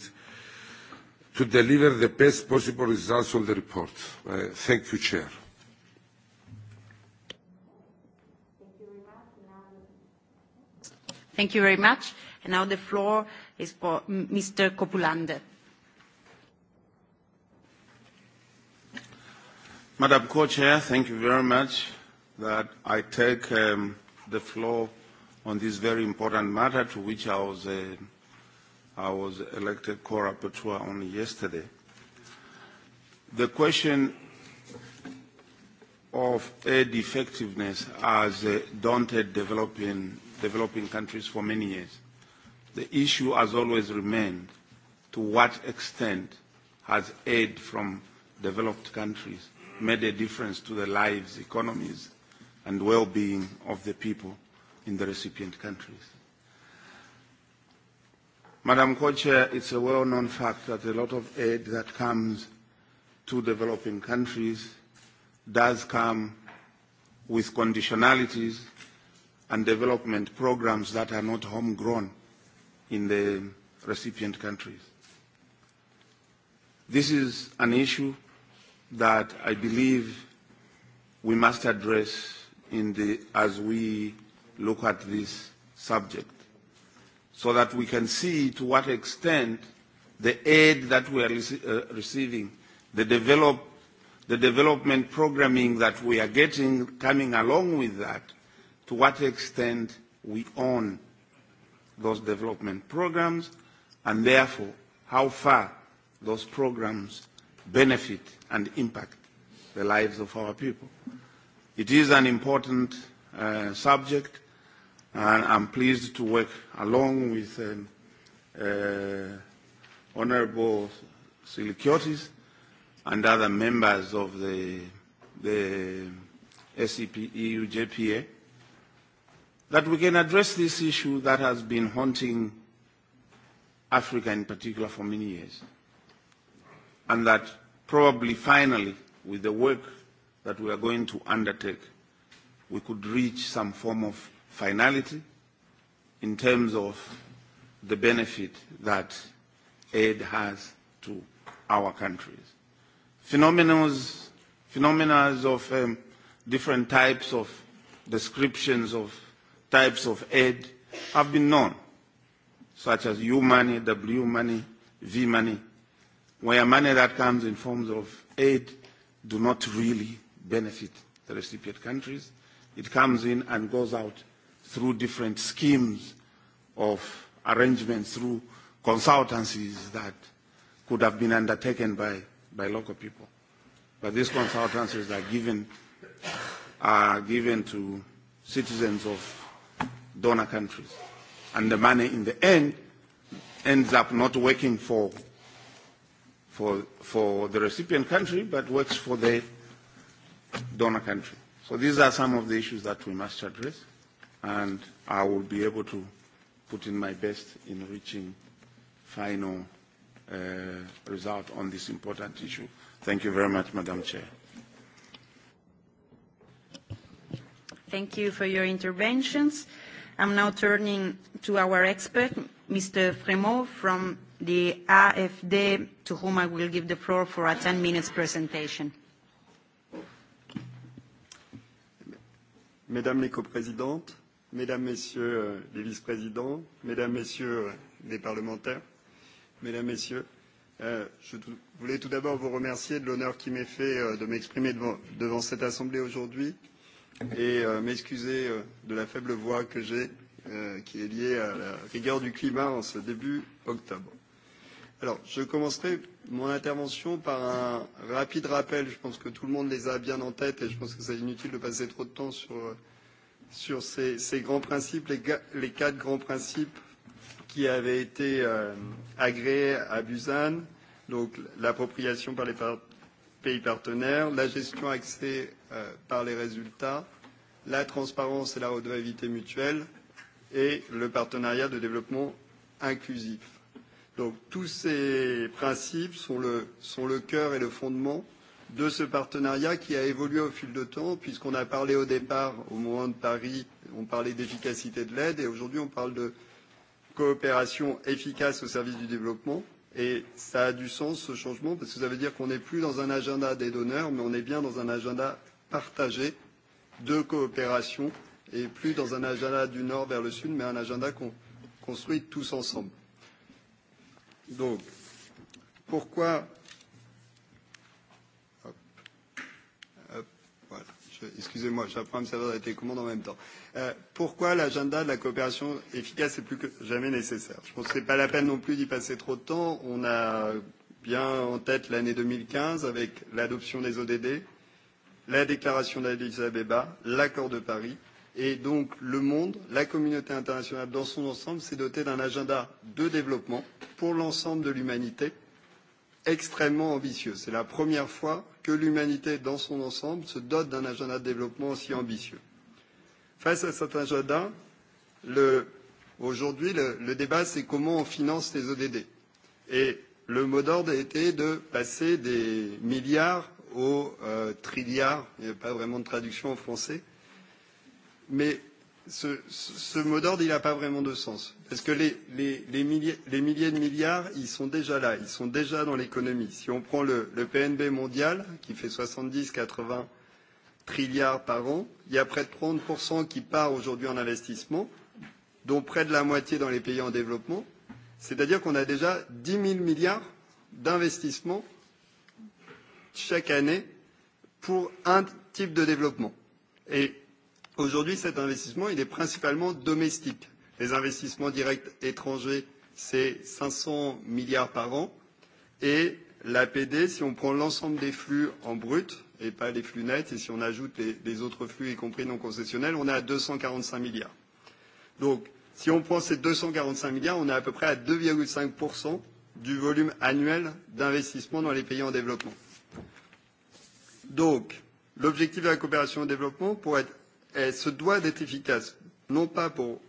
to deliver the best possible results on the report. Thank you, Chair. Thank you very much. And now the floor is for Mr. Kopulande. Madam Co-Chair, thank you very much that I take the floor on this very important matter to which I was elected co-rapporteur only yesterday. The question of aid effectiveness as a daunted developing developing countries for many years. The issue has always remained to what extent has aid from developed countries made a difference to the lives, economies, and well-being of the people in the recipient countries. Madam Co-Chair, it's a well-known fact that a lot of aid that comes to developing countries does come with conditionalities and development programs that are not homegrown in the recipient countries. This is an issue that I believe we must address in the, as we look at this subject, so that we can see to what extent the aid that we are receiving, the, develop, the development programming that we are getting coming along with that, to what extent we own those development programs and therefore how far those programs benefit and impact the lives of our people. It is an important subject and I'm pleased to work along with Honorable Silikiotis and other members of the SCP EU JPA that we can address this issue that has been haunting Africa in particular for many years, and that probably finally, with the work that we are going to undertake, we could reach some form of finality in terms of the benefit that aid has to our countries. Phenomena of different types of descriptions of types of aid have been known, such as U money, W money, V money, where money that comes in forms of aid do not really benefit the recipient countries. It comes in and goes out through different schemes of arrangements, through consultancies that could have been undertaken by, by local people. But these consultancies are given, are given to citizens of donor countries. And the money in the end ends up not working for, for, for the recipient country, but works for the donor country. So these are some of the issues that we must address, and I will be able to put in my best in reaching final result on this important issue. Thank you very much, Madam Chair. Thank you for your interventions. I'm now turning to our expert, Mr. Fremont from the AFD, to whom I will give the floor for a 10 minutes presentation. Mesdames les coprésidentes, Mesdames, Messieurs les vice-présidents, Mesdames, Messieurs les parlementaires, Mesdames, Messieurs, je voulais tout d'abord vous remercier de l'honneur qui m'est fait de m'exprimer devant cette Assemblée aujourd'hui et m'excuser de la faible voix que j'ai, qui est liée à la rigueur du climat en ce début octobre. Alors, je commencerai mon intervention par un rapide rappel. Je pense que tout le monde les a bien en tête et je pense que c'est inutile de passer trop de temps sur, sur ces, ces grands principes, les, les quatre grands principes qui avaient été agréés à Busan. Donc, l'appropriation par les pays partenaires, la gestion axée par les résultats, la transparence et la redevabilité mutuelle et le partenariat de développement inclusif. Donc tous ces principes sont le cœur et le fondement de ce partenariat qui a évolué au fil de temps, puisqu'on a parlé au départ, au moment de Paris, on parlait d'efficacité de l'aide, et aujourd'hui on parle de coopération efficace au service du développement. Et ça a du sens, ce changement, parce que ça veut dire qu'on n'est plus dans un agenda des donneurs, mais on est bien dans un agenda partagé de coopération, et plus dans un agenda du nord vers le sud, mais un agenda qu'on construit tous ensemble. Donc, pourquoi Excusez-moi, j'apprends à me servir de la télécommande en même temps. Pourquoi l'agenda de la coopération efficace est plus que jamais nécessaire Je pense que ce n'est pas la peine non plus d'y passer trop de temps. On a bien en tête l'année 2015 avec l'adoption des ODD, la déclaration d'Addis Abeba, l'accord de Paris. Et donc le monde, la communauté internationale dans son ensemble s'est doté d'un agenda de développement pour l'ensemble de l'humanité extrêmement ambitieux. C'est la première fois que l'humanité dans son ensemble se dote d'un agenda de développement aussi ambitieux. Face à cet agenda, aujourd'hui, le débat, c'est comment on finance les ODD. Et le mot d'ordre a été de passer des milliards aux trilliards. Il n'y a pas vraiment de traduction en français. Mais ce, ce mot d'ordre, il n'a pas vraiment de sens. Parce que les, les, les, milliers, les milliers de milliards, ils sont déjà là, ils sont déjà dans l'économie. Si on prend le, le PNB mondial, qui fait 70-80 trilliards par an, il y a près de 30% qui part aujourd'hui en investissement, dont près de la moitié dans les pays en développement. C'est-à-dire qu'on a déjà 10 000 milliards d'investissements chaque année pour un type de développement. Et Aujourd'hui, cet investissement, il est principalement domestique. Les investissements directs étrangers, c'est 500 milliards par an. Et l'APD, si on prend l'ensemble des flux en brut, et pas les flux nets, et si on ajoute les autres flux, y compris non concessionnels, on est à 245 milliards. Donc, si on prend ces 245 milliards, on est à peu près à 2,5% du volume annuel d'investissement dans les pays en développement. Donc, l'objectif de la coopération au développement, pour être se doit d'être efficace, non pas pour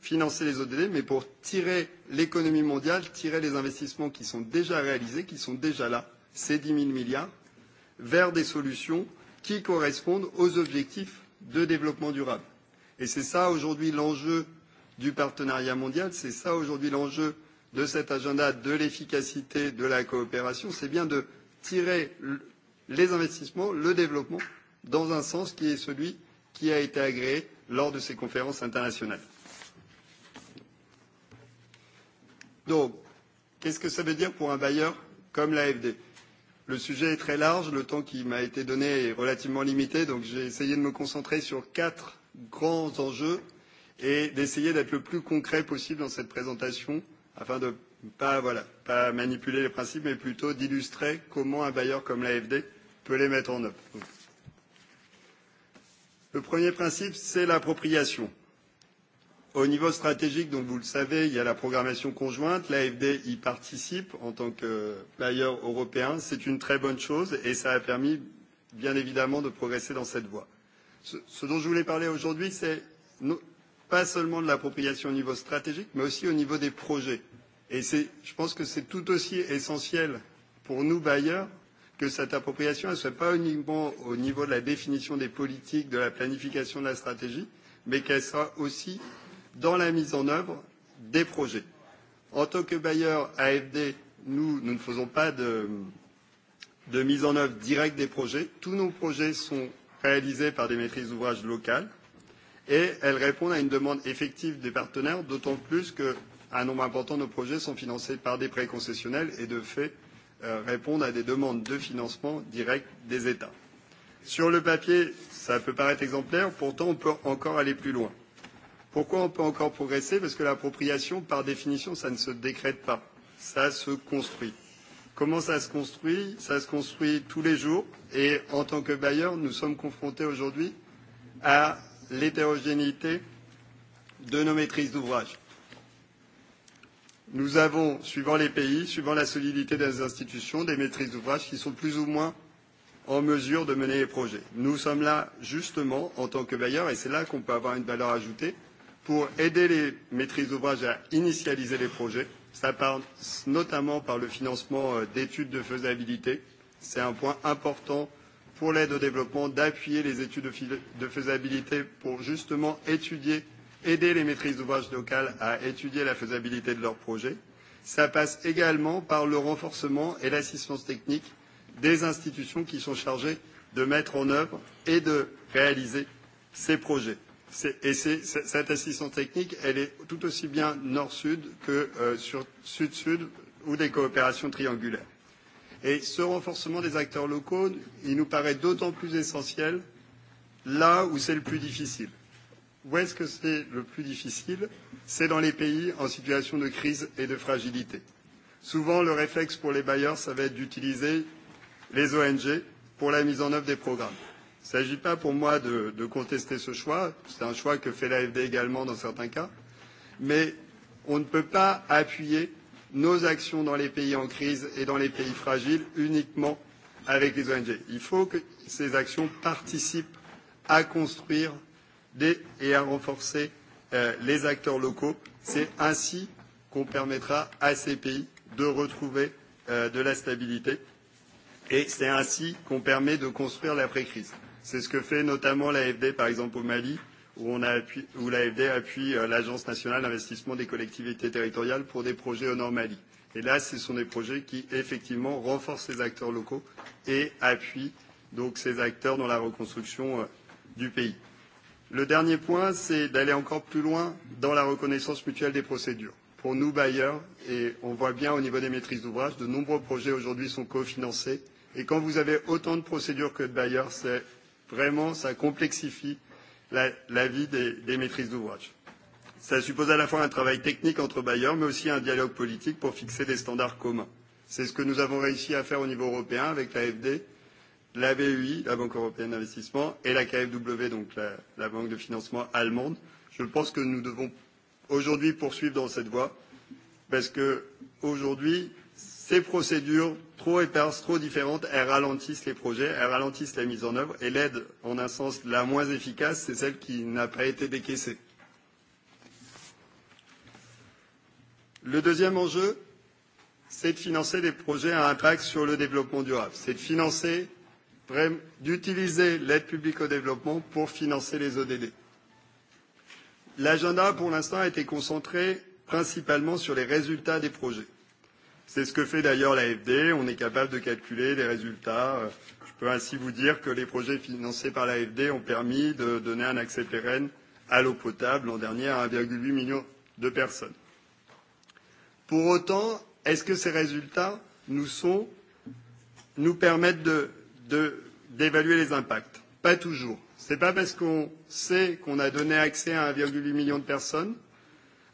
financer les ODD, mais pour tirer l'économie mondiale, tirer les investissements qui sont déjà réalisés, qui sont déjà là, ces 10 000 milliards, vers des solutions qui correspondent aux objectifs de développement durable. Et c'est ça aujourd'hui l'enjeu du partenariat mondial, c'est ça aujourd'hui l'enjeu de cet agenda de l'efficacité de la coopération, c'est bien de tirer les investissements, le développement, dans un sens qui est celui qui a été agréé lors de ces conférences internationales. Donc, qu'est-ce que ça veut dire pour un bailleur comme l'AFD Le sujet est très large, le temps qui m'a été donné est relativement limité, donc j'ai essayé de me concentrer sur quatre grands enjeux et d'essayer d'être le plus concret possible dans cette présentation afin de ne pas, voilà, pas manipuler les principes, mais plutôt d'illustrer comment un bailleur comme l'AFD peut les mettre en œuvre. Le premier principe, c'est l'appropriation. Au niveau stratégique, donc vous le savez, il y a la programmation conjointe. L'AFD y participe en tant que bailleur européen. C'est une très bonne chose et ça a permis, bien évidemment, de progresser dans cette voie. Ce dont je voulais parler aujourd'hui, c'est pas seulement de l'appropriation au niveau stratégique, mais aussi au niveau des projets. Et je pense que c'est tout aussi essentiel pour nous, bailleurs, que cette appropriation ne soit pas uniquement au niveau de la définition des politiques, de la planification de la stratégie, mais qu'elle soit aussi dans la mise en œuvre des projets. En tant que bailleur AFD, nous, ne faisons pas de, de mise en œuvre directe des projets. Tous nos projets sont réalisés par des maîtrises d'ouvrage locales et elles répondent à une demande effective des partenaires, d'autant plus qu'un nombre important de nos projets sont financés par des prêts concessionnels et de fait répondre à des demandes de financement direct des États. Sur le papier, ça peut paraître exemplaire, pourtant on peut encore aller plus loin. Pourquoi on peut encore progresser Parce que l'appropriation, par définition, ça ne se décrète pas, ça se construit. Comment ça se construit Ça se construit tous les jours et en tant que bailleurs, nous sommes confrontés aujourd'hui à l'hétérogénéité de nos maîtrises d'ouvrage nous avons, suivant les pays, suivant la solidité des institutions, des maîtrises d'ouvrage qui sont plus ou moins en mesure de mener les projets. Nous sommes là justement en tant que bailleurs, et c'est là qu'on peut avoir une valeur ajoutée, pour aider les maîtrises d'ouvrage à initialiser les projets. Ça part notamment par le financement d'études de faisabilité. C'est un point important pour l'aide au développement d'appuyer les études de faisabilité pour justement étudier aider les maîtrises d'ouvrage locales à étudier la faisabilité de leurs projets. Ça passe également par le renforcement et l'assistance technique des institutions qui sont chargées de mettre en œuvre et de réaliser ces projets. Et cette assistance technique, elle est tout aussi bien nord-sud que sur sud-sud ou des coopérations triangulaires. Et ce renforcement des acteurs locaux, il nous paraît d'autant plus essentiel là où c'est le plus difficile Où est-ce que c'est le plus difficile C'est dans les pays en situation de crise et de fragilité. Souvent, le réflexe pour les bailleurs, ça va être d'utiliser les ONG pour la mise en œuvre des programmes. Il ne s'agit pas pour moi de, de contester ce choix. C'est un choix que fait l'AFD également dans certains cas. Mais on ne peut pas appuyer nos actions dans les pays en crise et dans les pays fragiles uniquement avec les ONG. Il faut que ces actions participent à construire et à renforcer les acteurs locaux. C'est ainsi qu'on permettra à ces pays de retrouver de la stabilité et c'est ainsi qu'on permet de construire l'après-crise. C'est ce que fait notamment l'AFD, par exemple, au Mali, où l'AFD appuie l'Agence nationale d'investissement des collectivités territoriales pour des projets au Nord Mali. Et là, ce sont des projets qui, effectivement, renforcent les acteurs locaux et appuient donc ces acteurs dans la reconstruction du pays. Le dernier point, c'est d'aller encore plus loin dans la reconnaissance mutuelle des procédures. Pour nous, bailleurs, et on voit bien au niveau des maîtrises d'ouvrage, de nombreux projets aujourd'hui sont cofinancés. Et quand vous avez autant de procédures que de bailleurs, c'est vraiment, ça complexifie la vie des maîtrises d'ouvrage. Ça suppose à la fois un travail technique entre bailleurs, mais aussi un dialogue politique pour fixer des standards communs. C'est ce que nous avons réussi à faire au niveau européen avec l'AFD la BEI, la Banque européenne d'investissement, et la KfW, donc la banque de financement allemande. Je pense que nous devons aujourd'hui poursuivre dans cette voie, parce que aujourd'hui, ces procédures trop éparses, trop différentes, elles ralentissent les projets, elles ralentissent la mise en œuvre, et l'aide, en un sens, la moins efficace, c'est celle qui n'a pas été décaissée. Le deuxième enjeu, c'est de financer des projets à impact sur le développement durable. C'est de financer d'utiliser l'aide publique au développement pour financer les ODD. L'agenda, pour l'instant, a été concentré principalement sur les résultats des projets. C'est ce que fait d'ailleurs l'AFD. On est capable de calculer les résultats. Je peux ainsi vous dire que les projets financés par l'AFD ont permis de donner un accès pérenne à l'eau potable l'an dernier à 1,8 million de personnes. Pour autant, est-ce que ces résultats nous sont nous permettent de d'évaluer les impacts. Pas toujours. Ce n'est pas parce qu'on sait qu'on a donné accès à 1,8 million de personnes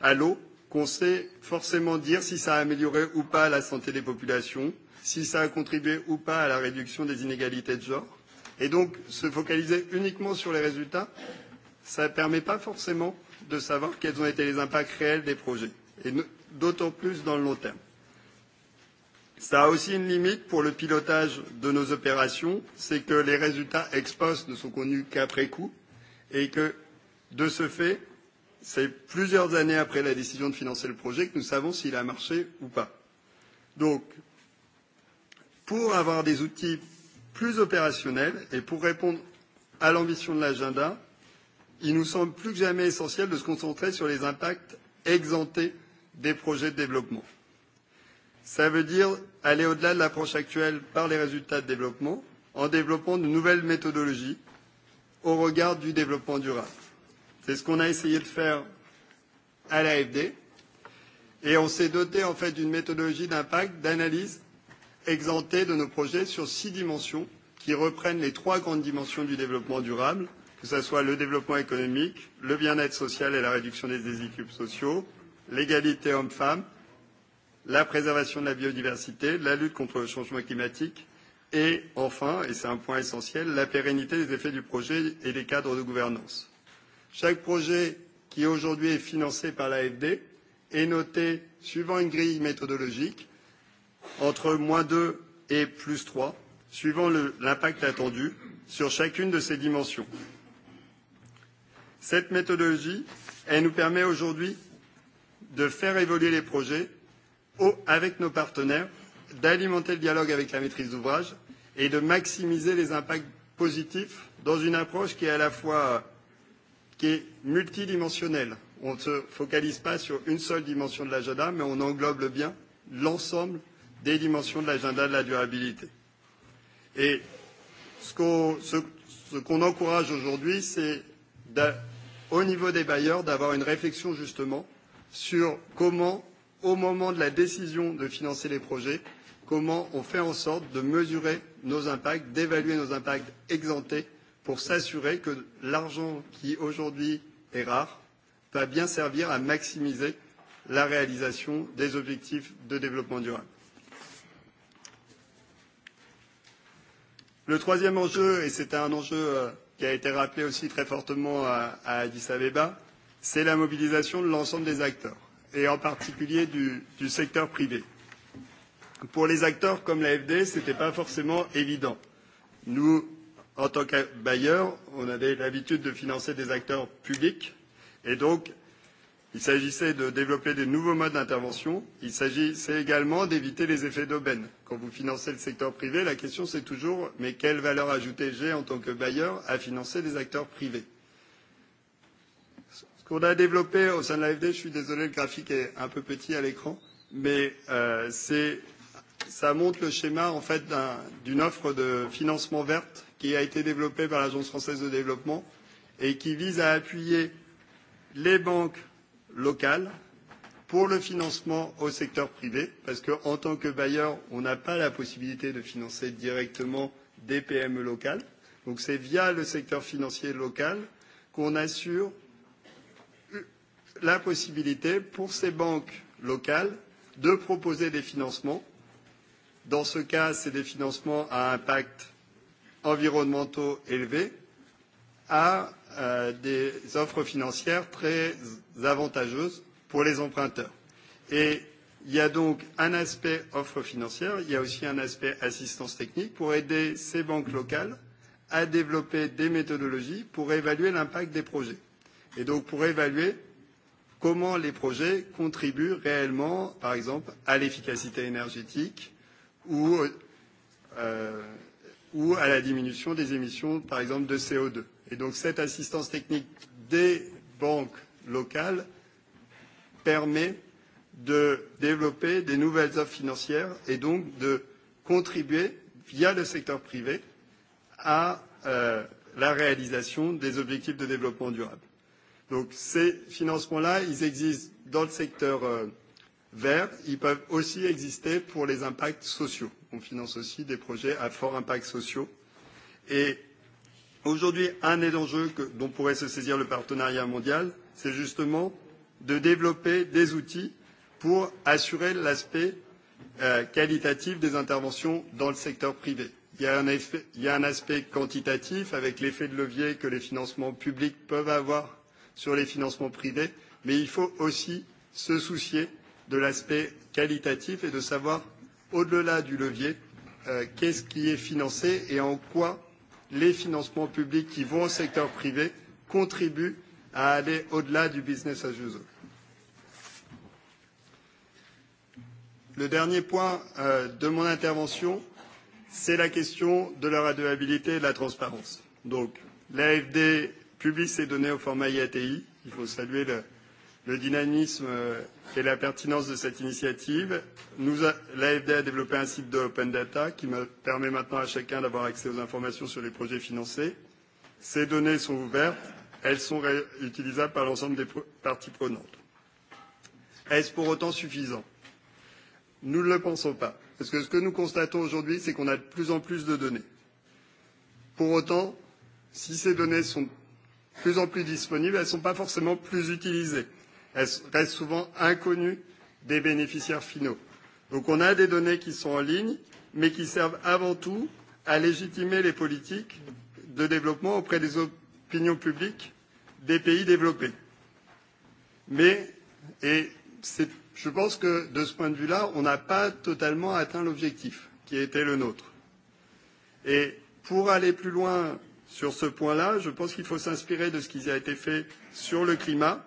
à l'eau qu'on sait forcément dire si ça a amélioré ou pas la santé des populations, si ça a contribué ou pas à la réduction des inégalités de genre. Et donc, se focaliser uniquement sur les résultats, ça ne permet pas forcément de savoir quels ont été les impacts réels des projets, et d'autant plus dans le long terme. Ça a aussi une limite pour le pilotage de nos opérations, c'est que les résultats ex post ne sont connus qu'après coup et que, de ce fait, c'est plusieurs années après la décision de financer le projet que nous savons s'il a marché ou pas. Donc, pour avoir des outils plus opérationnels et pour répondre à l'ambition de l'agenda, il nous semble plus que jamais essentiel de se concentrer sur les impacts exemptés des projets de développement. Ça veut dire aller au-delà de l'approche actuelle par les résultats de développement, en développant de nouvelles méthodologies au regard du développement durable. C'est ce qu'on a essayé de faire à l'AFD. Et on s'est doté en fait d'une méthodologie d'impact, d'analyse exemptée de nos projets sur six dimensions qui reprennent les trois grandes dimensions du développement durable, que ce soit le développement économique, le bien-être social et la réduction des déséquilibres sociaux, legalite homme femme la préservation de la biodiversité, la lutte contre le changement climatique et, enfin, et c'est un point essentiel, la pérennité des effets du projet et des cadres de gouvernance. Chaque projet qui aujourd'hui est financé par l'AFD est noté suivant une grille méthodologique entre moins 2 et plus 3, suivant l'impact attendu sur chacune de ces dimensions. Cette méthodologie, elle nous permet aujourd'hui de faire évoluer les projets avec nos partenaires, d'alimenter le dialogue avec la maîtrise d'ouvrage et de maximiser les impacts positifs dans une approche qui est à la fois qui est multidimensionnelle. On ne se focalise pas sur une seule dimension de l'agenda, mais on englobe bien l'ensemble des dimensions de l'agenda de la durabilité. Et ce qu'on encourage aujourd'hui, c'est au niveau des bailleurs d'avoir une réflexion justement sur comment au moment de la décision de financer les projets, comment on fait en sorte de mesurer nos impacts, d'évaluer nos impacts exemptés pour s'assurer que l'argent qui aujourd'hui est rare va bien servir à maximiser la réalisation des objectifs de développement durable. Le troisième enjeu, et c'est un enjeu qui a été rappelé aussi très fortement à Addis Abeba, c'est la mobilisation de l'ensemble des acteurs et en particulier du secteur privé. Pour les acteurs comme l'AFD, ce n'était pas forcément évident. Nous, en tant que bailleurs, on avait l'habitude de financer des acteurs publics et donc il s'agissait de développer des nouveaux modes d'intervention. Il s'agissait également d'éviter les effets d'aubaine. Quand vous financez le secteur privé, la question c'est toujours mais quelle valeur ajoutée j'ai en tant que bailleur à financer des acteurs privés qu'on a développé au sein de l'AFD, je suis désolé, le graphique est un peu petit à l'écran, mais c'est ça montre le schéma en fait d'une offre de financement verte qui a été développée par l'Agence française de développement et qui vise à appuyer les banques locales pour le financement au secteur privé, parce qu'en tant que bailleur, on n'a pas la possibilité de financer directement des PME locales. Donc c'est via le secteur financier local qu'on assure la possibilité pour ces banques locales de proposer des financements. Dans ce cas, c'est des financements à impact environnementaux élevés à des offres financières très avantageuses pour les emprunteurs. Et il y a donc un aspect offre financière, il y a aussi un aspect assistance technique pour aider ces banques locales à développer des méthodologies pour évaluer l'impact des projets. Et donc pour évaluer comment les projets contribuent réellement, par exemple, à l'efficacité énergétique ou, euh, ou à la diminution des émissions, par exemple, de CO2. Et donc cette assistance technique des banques locales permet de développer des nouvelles offres financières et donc de contribuer via le secteur privé à la réalisation des objectifs de développement durable. Donc ces financements-là, ils existent dans le secteur vert, ils peuvent aussi exister pour les impacts sociaux. On finance aussi des projets à fort impact sociaux. Et aujourd'hui, un des enjeux dont pourrait se saisir le partenariat mondial, c'est justement de développer des outils pour assurer l'aspect qualitatif des interventions dans le secteur privé. Il y a un aspect quantitatif avec l'effet de levier que les financements publics peuvent avoir sur les financements privés, mais il faut aussi se soucier de l'aspect qualitatif et de savoir, au-delà du levier, qu'est-ce qui est financé et en quoi les financements publics qui vont au secteur privé contribuent à aller au-delà du business as usual. Le dernier point de mon intervention, c'est la question de la radioabilité et de la transparence. Donc, l'AFD publie ses données au format IATI. Il faut saluer le dynamisme et la pertinence de cette initiative. L'AFD a développé un site de Open Data qui me permet maintenant à chacun d'avoir accès aux informations sur les projets financés. Ces données sont ouvertes. Elles sont réutilisables par l'ensemble des parties prenantes. Est-ce pour autant suffisant Nous ne le pensons pas. Parce que ce que nous constatons aujourd'hui, c'est qu'on a de plus en plus de données. Pour autant, si ces données sont plus en plus disponibles, elles ne sont pas forcément plus utilisées. Elles restent souvent inconnues des bénéficiaires finaux. Donc on a des données qui sont en ligne, mais qui servent avant tout à légitimer les politiques de développement auprès des opinions publiques des pays développés. Mais, et je pense que de ce point de vue-là, on n'a pas totalement atteint l'objectif qui était le nôtre. Et pour aller plus loin sur ce point-là. Je pense qu'il faut s'inspirer de ce qui a été fait sur le climat,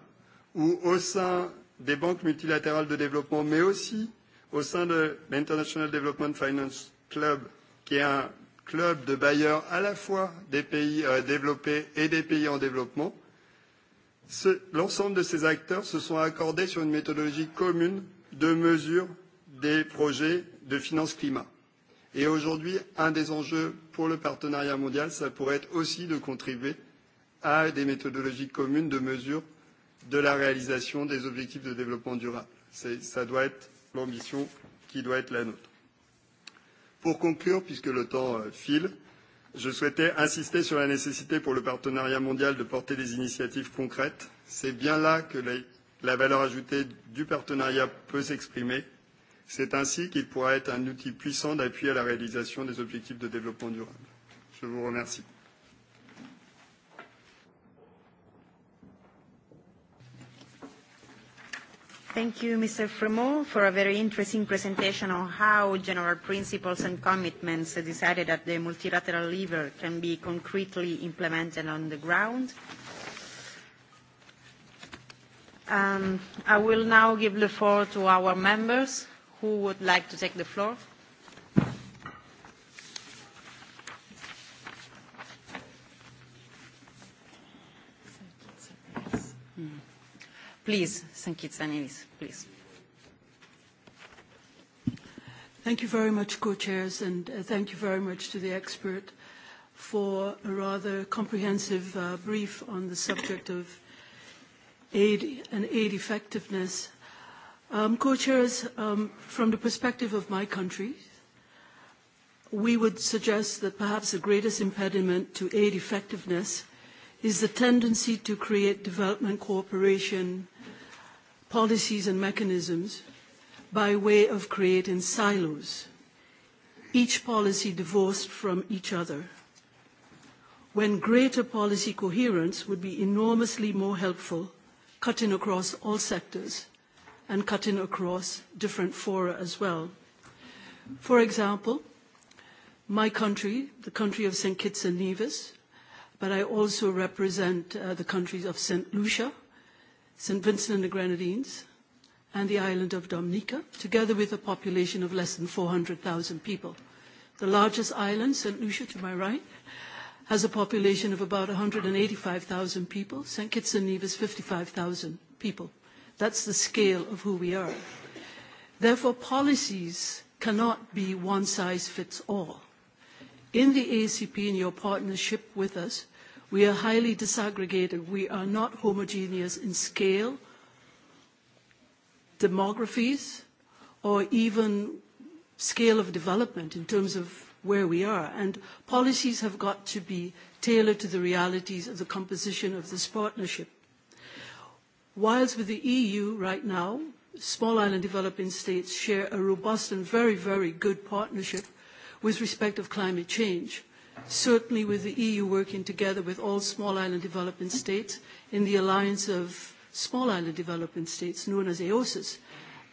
où au sein des banques multilatérales de développement, mais aussi au sein de l'International Development Finance Club, qui est un club de bailleurs à la fois des pays développés et des pays en développement, l'ensemble de ces acteurs se sont accordés sur une méthodologie commune de mesure des projets de finance climat. Et aujourd'hui, un des enjeux pour le partenariat mondial, ça pourrait être aussi de contribuer à des méthodologies communes de mesure de la réalisation des objectifs de développement durable. Ça doit être l'ambition qui doit être la nôtre. Pour conclure, puisque le temps file, je souhaitais insister sur la nécessité pour le partenariat mondial de porter des initiatives concrètes. C'est bien là que la valeur ajoutée du partenariat peut s'exprimer C'est ainsi qu'il pourra être un outil puissant d'appui à la réalisation des objectifs de développement durable. Je vous remercie. Thank you, Mr. Fremont, for a very interesting presentation on how general principles and commitments decided at the multilateral level can be concretely implemented on the ground. Um, I will now give the floor to our members. Who would like to take the floor? Please, please. Thank you very much, co-chairs, and thank you very much to the expert for a rather comprehensive brief on the subject of aid and aid effectiveness Co-chairs, from the perspective of my country, we would suggest that perhaps the greatest impediment to aid effectiveness is the tendency to create development cooperation policies and mechanisms by way of creating silos, each policy divorced from each other, when greater policy coherence would be enormously more helpful, cutting across all sectors and cutting across different fora as well. For example, my country, the country of St. Kitts and Nevis, but I also represent the countries of St. Lucia, St. Vincent and the Grenadines, and the island of Dominica, together with a population of less than 400,000 people. The largest island, St. Lucia to my right, has a population of about 185,000 people, St. Kitts and Nevis 55,000 people. That's the scale of who we are. Therefore, policies cannot be one size fits all. In the ACP and your partnership with us, we are highly disaggregated. We are not homogeneous in scale, demographies, or even scale of development in terms of where we are. And policies have got to be tailored to the realities of the composition of this partnership. Whilst with the EU right now, small island developing states share a robust and very, very good partnership with respect of climate change. Certainly with the EU working together with all small island developing states in the alliance of small island developing states known as EOSIS,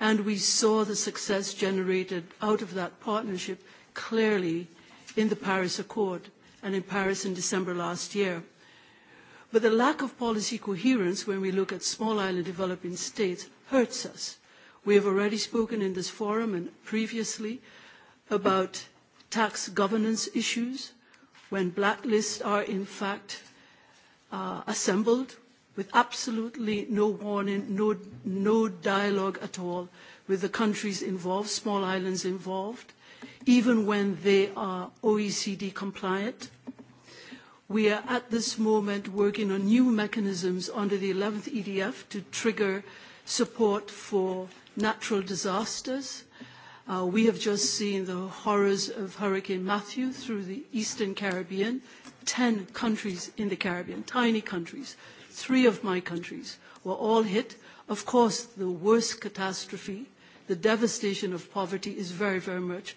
And we saw the success generated out of that partnership clearly in the Paris Accord and in Paris in December last year. But the lack of policy coherence when we look at small island developing states hurts us. We have already spoken in this forum and previously about tax governance issues when blacklists are in fact assembled with absolutely no warning, no dialogue at all with the countries involved, small islands involved, even when they are OECD compliant We are at this moment working on new mechanisms under the 11th EDF to trigger support for natural disasters. We have just seen the horrors of Hurricane Matthew through the Eastern Caribbean. 10 countries in the Caribbean, tiny countries, three of my countries, were all hit. Of course, the worst catastrophe the devastation of poverty is very, very much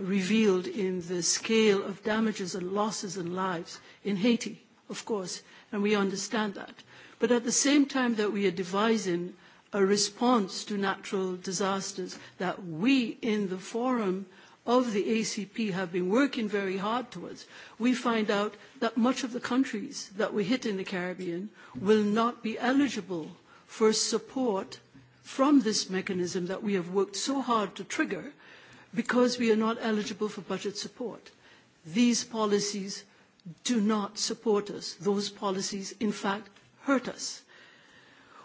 revealed in the scale of damages and losses and lives in Haiti, of course, and we understand that. But at the same time that we are devising a response to natural disasters that we in the forum of the ACP have been working very hard towards, we find out that much of the countries that we hit in the Caribbean will not be eligible for support from this mechanism that we have worked so hard to trigger because we are not eligible for budget support. These policies do not support us. Those policies, in fact, hurt us.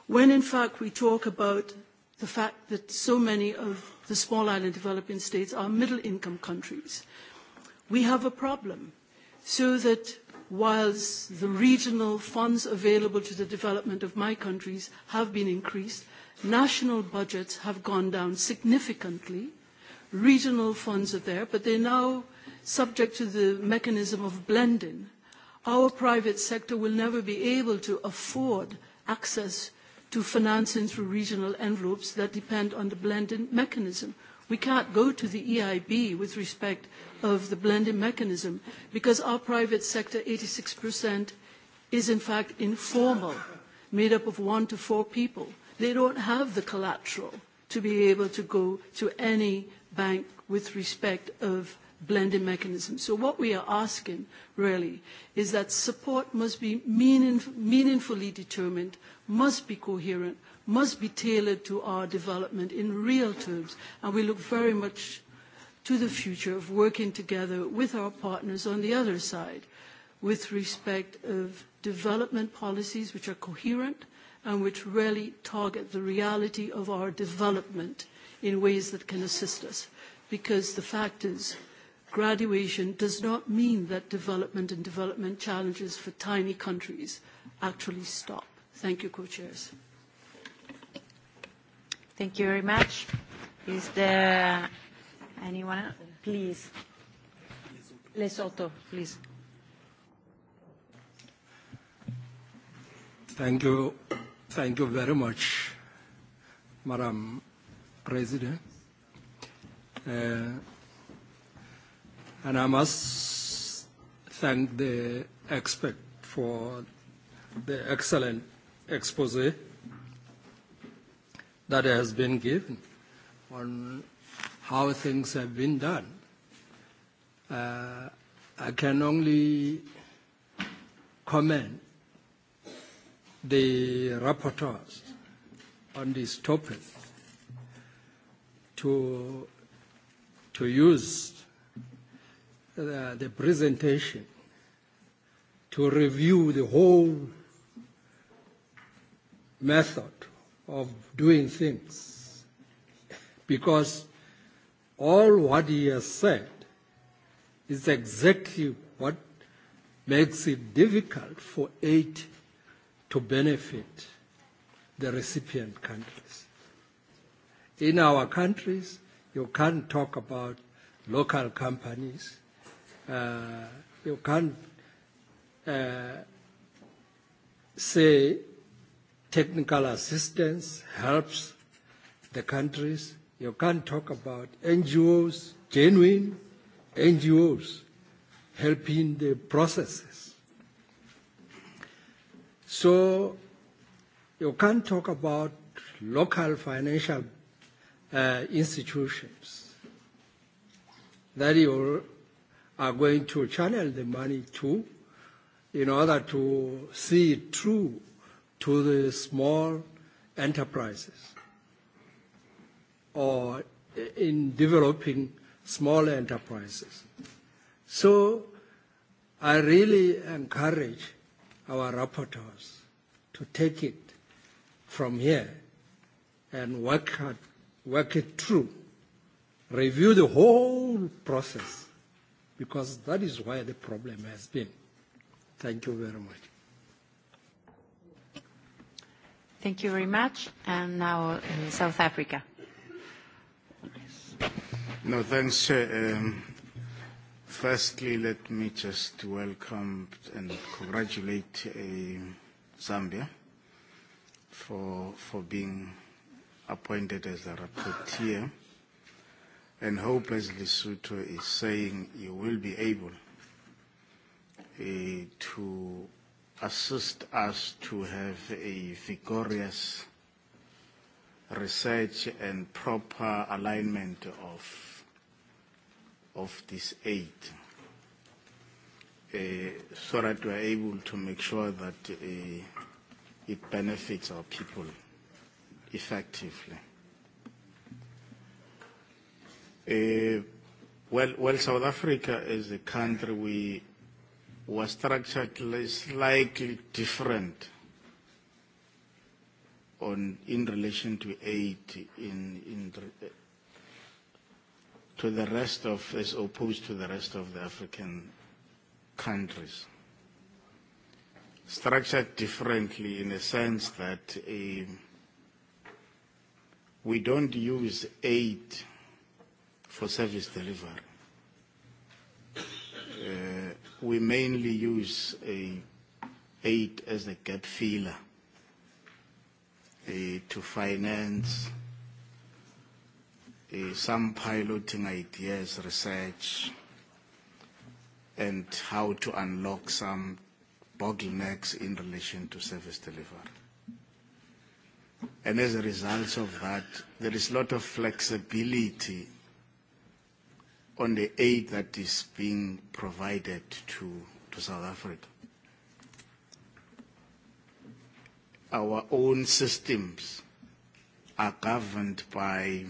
When, in fact, we talk about the fact that so many of the small island developing states are middle-income countries, we have a problem. So that whilst the regional funds available to the development of my countries have been increased, National budgets have gone down significantly. Regional funds are there, but they're now subject to the mechanism of blending. Our private sector will never be able to afford access to financing through regional envelopes that depend on the blending mechanism. We can't go to the EIB with respect of the blending mechanism because our private sector, 86%, is in fact informal, made up of one to four people. They don't have the collateral to be able to go to any bank with respect of blending mechanisms. So what we are asking, really, is that support must be meaningfully determined, must be coherent, must be tailored to our development in real terms. And we look very much to the future of working together with our partners on the other side with respect of development policies which are coherent, and which really target the reality of our development in ways that can assist us. Because the fact is, graduation does not mean that development and development challenges for tiny countries actually stop. Thank you, co-chairs. Thank you very much. Is there anyone Please. Lesotho, please. Thank you, Thank you very much, Madam President. And I must thank the expert for the excellent expose that has been given on how things have been done. I can only comment the rapporteurs on this topic to to use the presentation to review the whole method of doing things because all what he has said is exactly what makes it difficult for eight to benefit the recipient countries. In our countries, you can't talk about local companies. You can't say technical assistance helps the countries. You can't talk about NGOs, genuine NGOs, helping the processes. So you can't talk about local financial institutions that you are going to channel the money to in order to see it through to the small enterprises or in developing small enterprises. So I really encourage our rapporteurs to take it from here and work work it through, review the whole process, because that is where the problem has been. Thank you very much. Thank you very much. And now South Africa. No, thanks, Firstly, let me just welcome and congratulate Zambia for for being appointed as a rapporteur and hope, as Lesotho is saying, you will be able to assist us to have a vigorous research and proper alignment of of this aid so that we are able to make sure that it benefits our people effectively. Well, South Africa is a country, we were structured slightly different on in relation to aid in in to the rest of, as opposed to the rest of the African countries. Structured differently in the sense that we don't use aid for service delivery. We mainly use aid as a gap filler to finance some piloting ideas, research, and how to unlock some bottlenecks in relation to service delivery. And as a result of that, there is a lot of flexibility on the aid that is being provided to to South Africa. Our own systems are governed by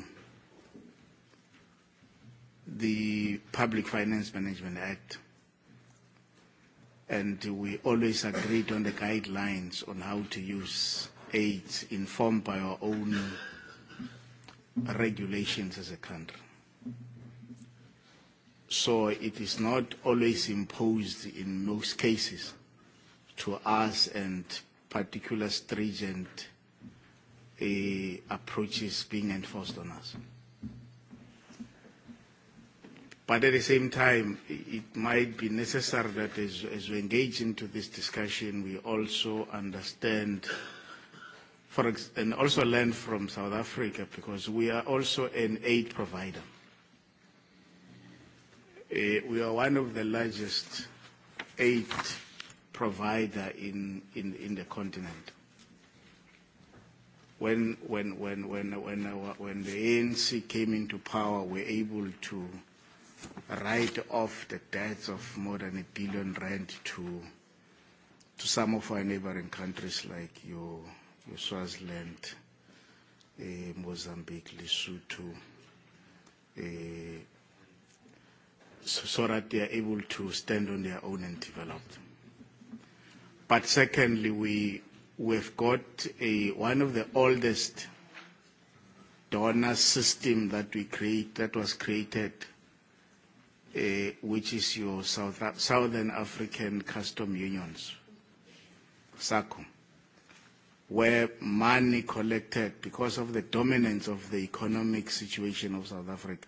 the Public Finance Management Act. And we always agreed on the guidelines on how to use aids informed by our own regulations as a country. So it is not always imposed in most cases to us and particular stringent approaches being enforced on us. But at the same time, it might be necessary that as, as we engage into this discussion, we also understand for ex and also learn from South Africa because we are also an aid provider. We are one of the largest aid provider in, in, the continent. When, when, when, when, when, when the ANC came into power, we were able to write off the debts of more than a billion rand to to some of our neighboring countries like your, Swaziland, Mozambique, Lesotho, so, that they are able to stand on their own and develop. But secondly, we, we've got a, one of the oldest donor system that we create, that was created which is your Southern African Custom Unions, SACO, where money collected because of the dominance of the economic situation of South Africa,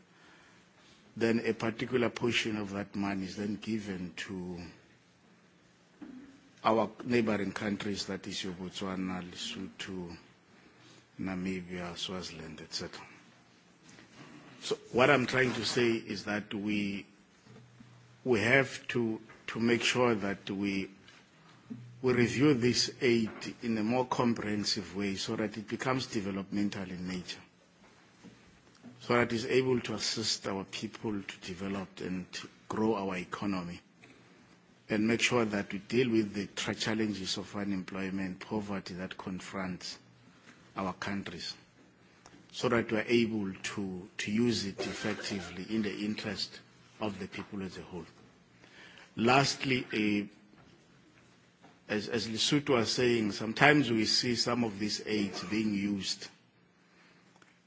then a particular portion of that money is then given to our neighboring countries, that is your Botswana, Lesotho, Namibia, Swaziland, etc. So what I'm trying to say is that we we have to to make sure that we we review this aid in a more comprehensive way so that it becomes developmental in nature, so that it is able to assist our people to develop and grow our economy and make sure that we deal with the challenges of unemployment, poverty that confronts our countries, so that we are able to, to use it effectively in the interest of the people as a whole. Lastly, as Lesotho was saying, sometimes we see some of these aids being used,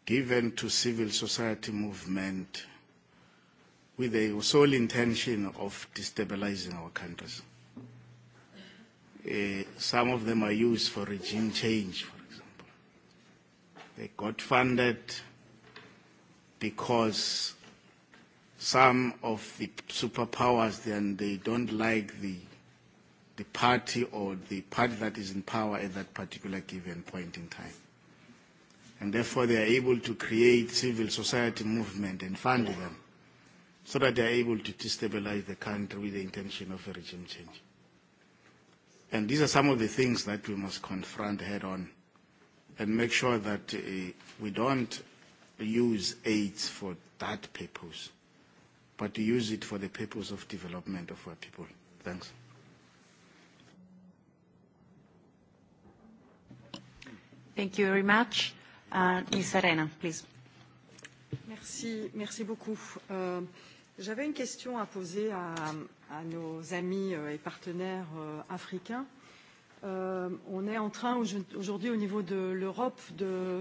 given to civil society movement with the sole intention of destabilizing our countries. Some of them are used for regime change, for example. They got funded because some of the superpowers, then they don't like the the party or the party that is in power at that particular given point in time. And therefore they are able to create civil society movement and fund them so that they are able to destabilize the country with the intention of a regime change. And these are some of the things that we must confront head on and make sure that we don't use AIDS for that purpose but to use it for the purpose of development of our people. Thanks. Thank you very much. Ms. Arena, please. Merci, merci beaucoup. J'avais une question à poser à, à nos amis et partenaires africains. Euh, on est en train aujourd'hui au niveau de l'Europe de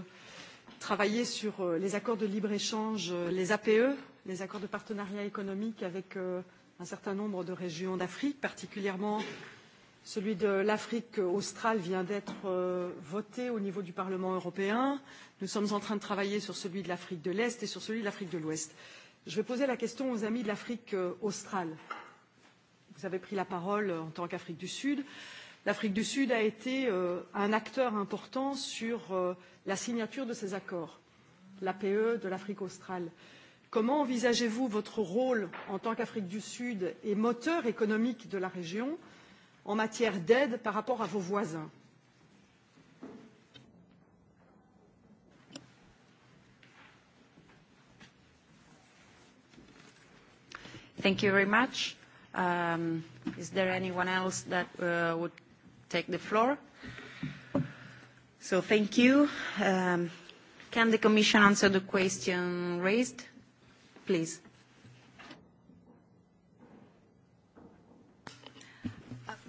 travailler sur les accords de libre-échange, les APE, les accords de partenariat économique avec un certain nombre de régions d'Afrique, particulièrement celui de l'Afrique australe vient d'être voté au niveau du Parlement européen. Nous sommes en train de travailler sur celui de l'Afrique de l'Est et sur celui de l'Afrique de l'Ouest. Je vais poser la question aux amis de l'Afrique australe. Vous avez pris la parole en tant qu'Afrique du Sud. L'Afrique du Sud a été un acteur important sur la signature de ces accords, l'APE de l'Afrique australe. Comment envisagez-vous votre rôle en tant qu'Afrique du Sud et moteur économique de la région en matière d'aide par rapport à vos voisins Thank you very much. Um, Is there anyone else that would take the floor? So thank you. Um, Can the Commission answer the question raised? please.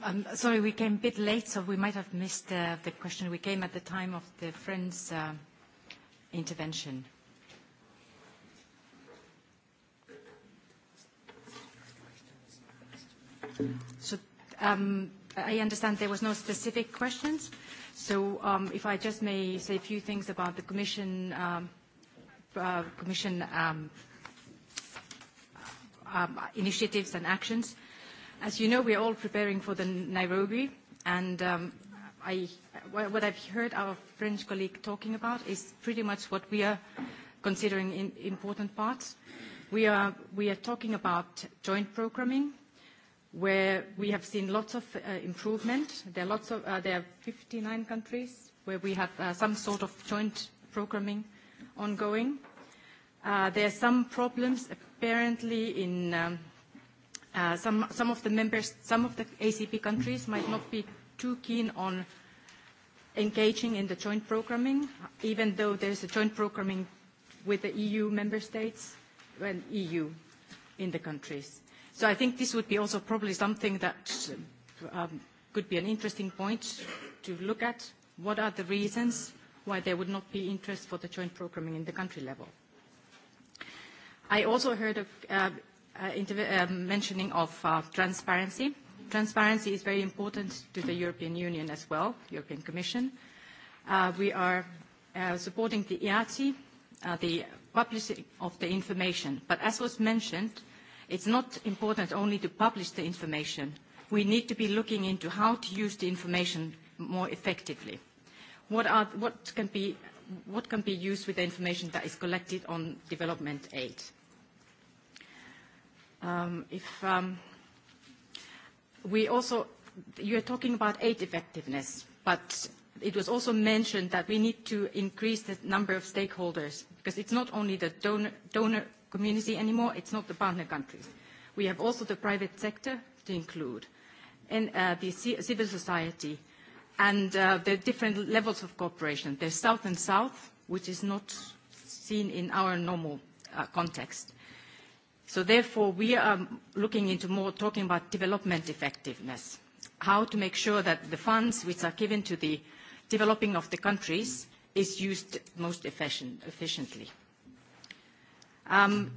I'm sorry, we came a bit late, so we might have missed the question. We came at the time of the friend's intervention. So I understand there was no specific questions. So if I just may say a few things about the Commission Commission initiatives and actions. As you know, we are all preparing for the Nairobi, and what I've heard our French colleague talking about is pretty much what we are considering important parts. We are talking about joint programming, where we have seen lots of improvement. There are 59 countries where we have some sort of joint programming ongoing. There are some problems apparently in some of the members, some of the ACP countries might not be too keen on engaging in the joint programming, even though there is a joint programming with the EU member states and EU in the countries. So I think this would be also probably something that could be an interesting point to look at. What are the reasons why there would not be interest for the joint programming in the country level? I also heard of mentioning of transparency. Transparency is very important to the European Union as well, European Commission. We are supporting the IATI, the publishing of the information. But as was mentioned, it's not important only to publish the information. We need to be looking into how to use the information more effectively. What are what can be what can be used with the information that is collected on development aid? If we also, you are talking about aid effectiveness, but it was also mentioned that we need to increase the number of stakeholders because it's not only the donor community anymore, it's not the partner countries. We have also the private sector to include, and the civil society, and the different levels of cooperation. There's South and South, which is not seen in our normal context. So therefore, we are looking into more talking about development effectiveness, how to make sure that the funds which are given to the developing of the countries is used most efficiently.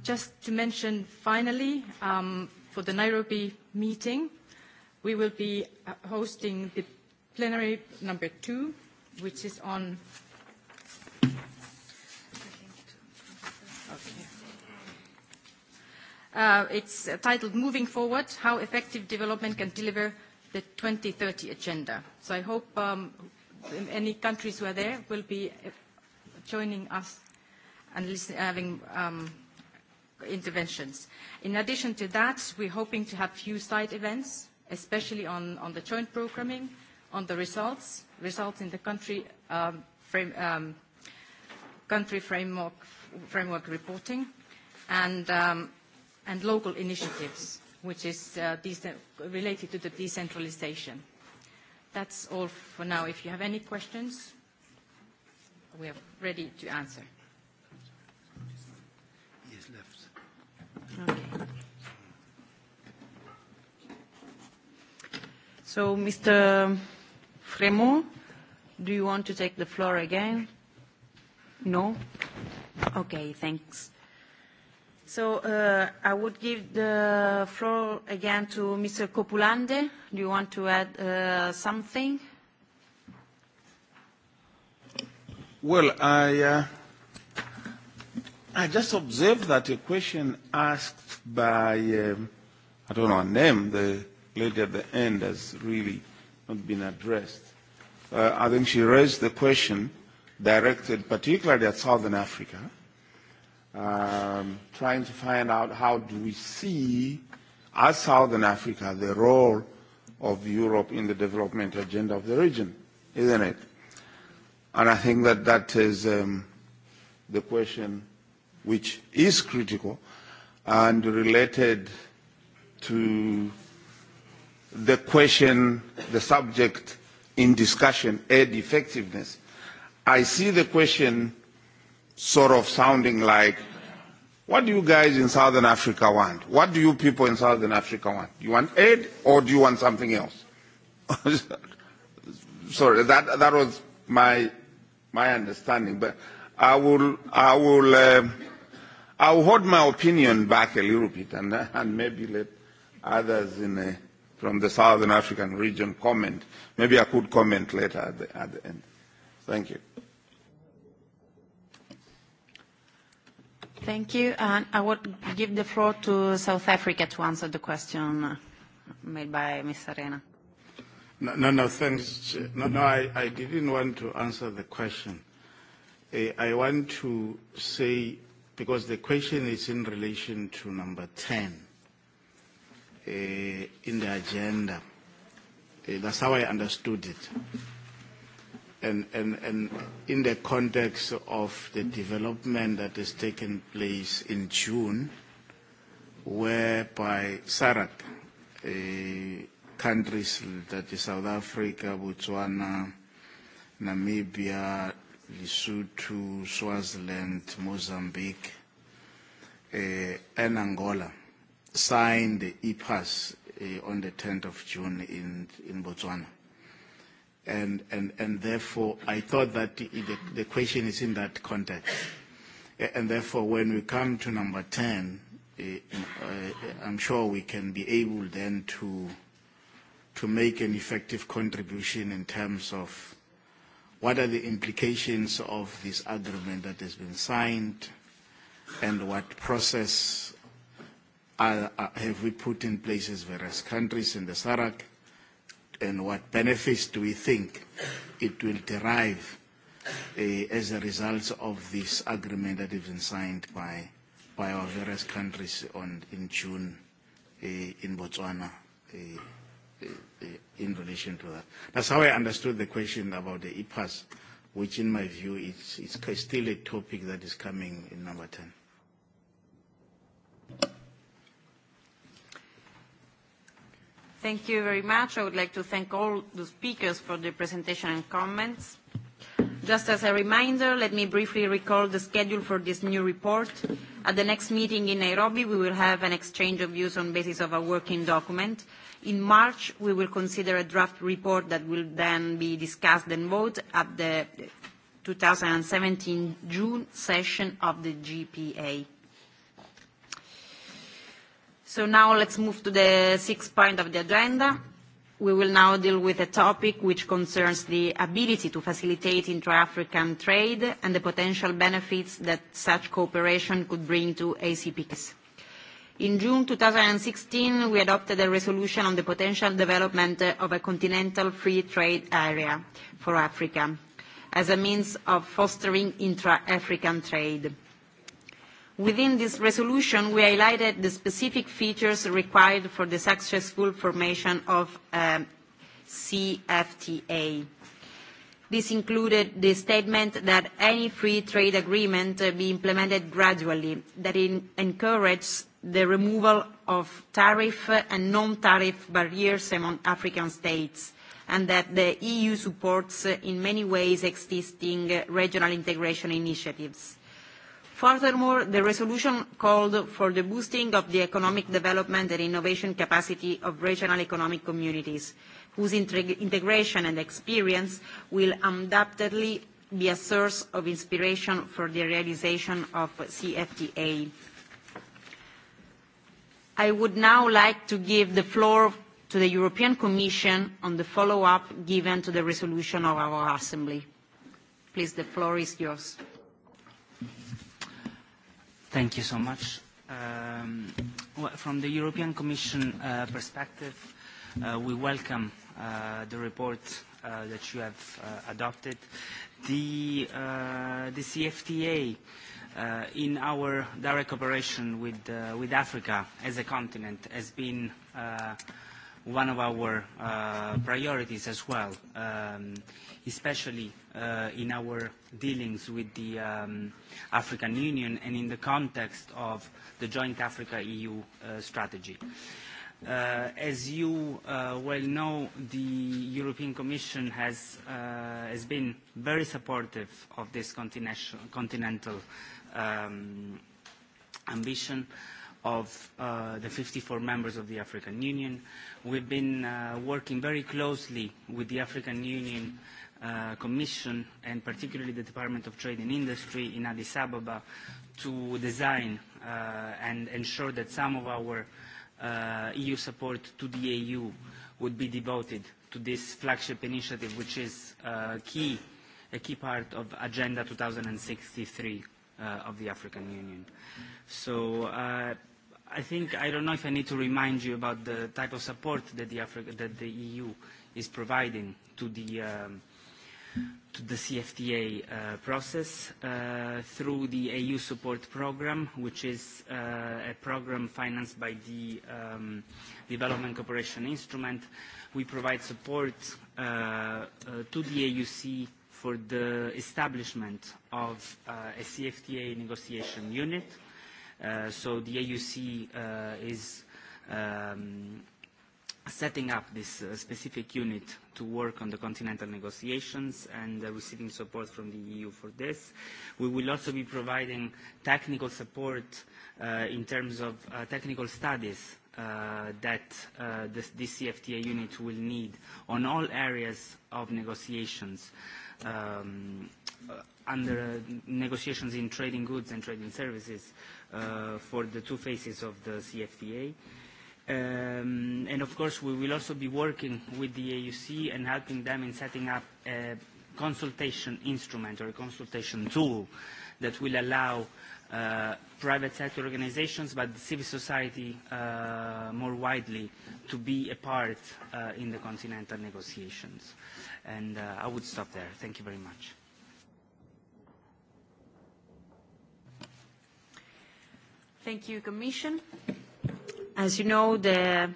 Just to mention finally, for the Nairobi meeting, we will be hosting the plenary number two, which is on It's titled Moving Forward, How Effective Development Can Deliver the 2030 Agenda. So I hope any countries who are there will be joining us and having interventions. In addition to that, we're hoping to have few side events, especially on the joint programming, on the results, results in the country country framework reporting, and and local initiatives, which is related to the decentralization. That's all for now. If you have any questions, we are ready to answer. So, Mr. Fremont, do you want to take the floor again? No? Okay, thanks. So I would give the floor again to Mr. Copulande. Do you want to add something? Well, I I just observed that a question asked by, I don't know her name, the lady at the end has really not been addressed. I think she raised the question directed particularly at Southern Africa trying to find out how do we see, as Southern Africa, the role of Europe in the development agenda of the region, isn't it? And I think that that is the question which is critical and related to the question, the subject in discussion, aid effectiveness. I see the question sort of sounding like, what do you guys in Southern Africa want? What do you people in Southern Africa want? You want aid or do you want something else? Sorry, that that was my my understanding, but I will I will I will hold my opinion back a little bit and and maybe let others in from the Southern African region comment. Maybe I could comment later at the end. Thank you. Thank you. I would give the floor to South Africa to answer the question made by Ms. Arena. No, no, thanks. No, I, I didn't want to answer the question. I want to say, because the question is in relation to number 10 in the agenda. That's how I understood it and in the context of the development that has taken place in June, whereby SARAC, countries that is South Africa, Botswana, Namibia, Lesotho, Swaziland, Mozambique, and Angola signed the EPAS on the 10th of June in Botswana and and and therefore I thought that the question is in that context. And therefore, when we come to number 10, I'm sure we can be able then to to make an effective contribution in terms of what are the implications of this agreement that has been signed and what process have we put in place as various countries in the SARAC and what benefits do we think it will derive as a result of this agreement that has been signed by by our various countries on in June in Botswana in relation to that. That's how I understood the question about the EPAS, which in my view is still a topic that is coming in number 10. Thank you very much. I would like to thank all the speakers for their presentation and comments. Just as a reminder, let me briefly recall the schedule for this new report. At the next meeting in Nairobi, we will have an exchange of views on basis of a working document. In March, we will consider a draft report that will then be discussed and voted at the 2017 June session of the GPA. So now let's move to the sixth point of the agenda. We will now deal with a topic which concerns the ability to facilitate intra-African trade and the potential benefits that such cooperation could bring to ACPs. In June 2016, we adopted a resolution on the potential development of a continental free trade area for Africa as a means of fostering intra-African trade. Within this resolution, we highlighted the specific features required for the successful formation of CFTA. This included the statement that any free trade agreement be implemented gradually, that it encourages the removal of tariff and non-tariff barriers among African states, and that the EU supports in many ways existing regional integration initiatives. Furthermore, the resolution called for the boosting of the economic development and innovation capacity of regional economic communities, whose integration and experience will undoubtedly be a source of inspiration for the realization of CFTA. I would now like to give the floor to the European Commission on the follow-up given to the resolution of our Assembly. Please, the floor is yours. Thank you so much. From the European Commission perspective, we welcome the report that you have adopted. The CFTA, in our direct cooperation with Africa as a continent, has been one of our priorities as well, especially in our dealings with the African Union and in the context of the joint Africa-EU strategy. As you well know, the European Commission has been very supportive of this continental ambition of the 54 members of the African Union. We've been working very closely with the African Union Commission and particularly the Department of Trade and Industry in Addis Ababa to design and ensure that some of our EU support to the EU would be devoted to this flagship initiative, which is a key part of Agenda 2063 of the African Union. So I think, I don't know if I need to remind you about the type of support that the EU is providing to the to the CFTA process through the EU Support program, which is a program financed by the Development Cooperation Instrument. We provide support to the AUC for the establishment of a CFTA negotiation unit. So the AUC is setting up this specific unit to work on the continental negotiations and receiving support from the EU for this. We will also be providing technical support in terms of technical studies that this CFTA unit will need on all areas of negotiations under negotiations in trading goods and trading services for the two phases of the CFTA. And of course, we will also be working with the AUC and helping them in setting up a consultation instrument or a consultation tool that will allow private sector organizations, but civil society more widely, to be a part in the continental negotiations. And I would stop there. Thank you very much. Thank you, Commission. As you know, the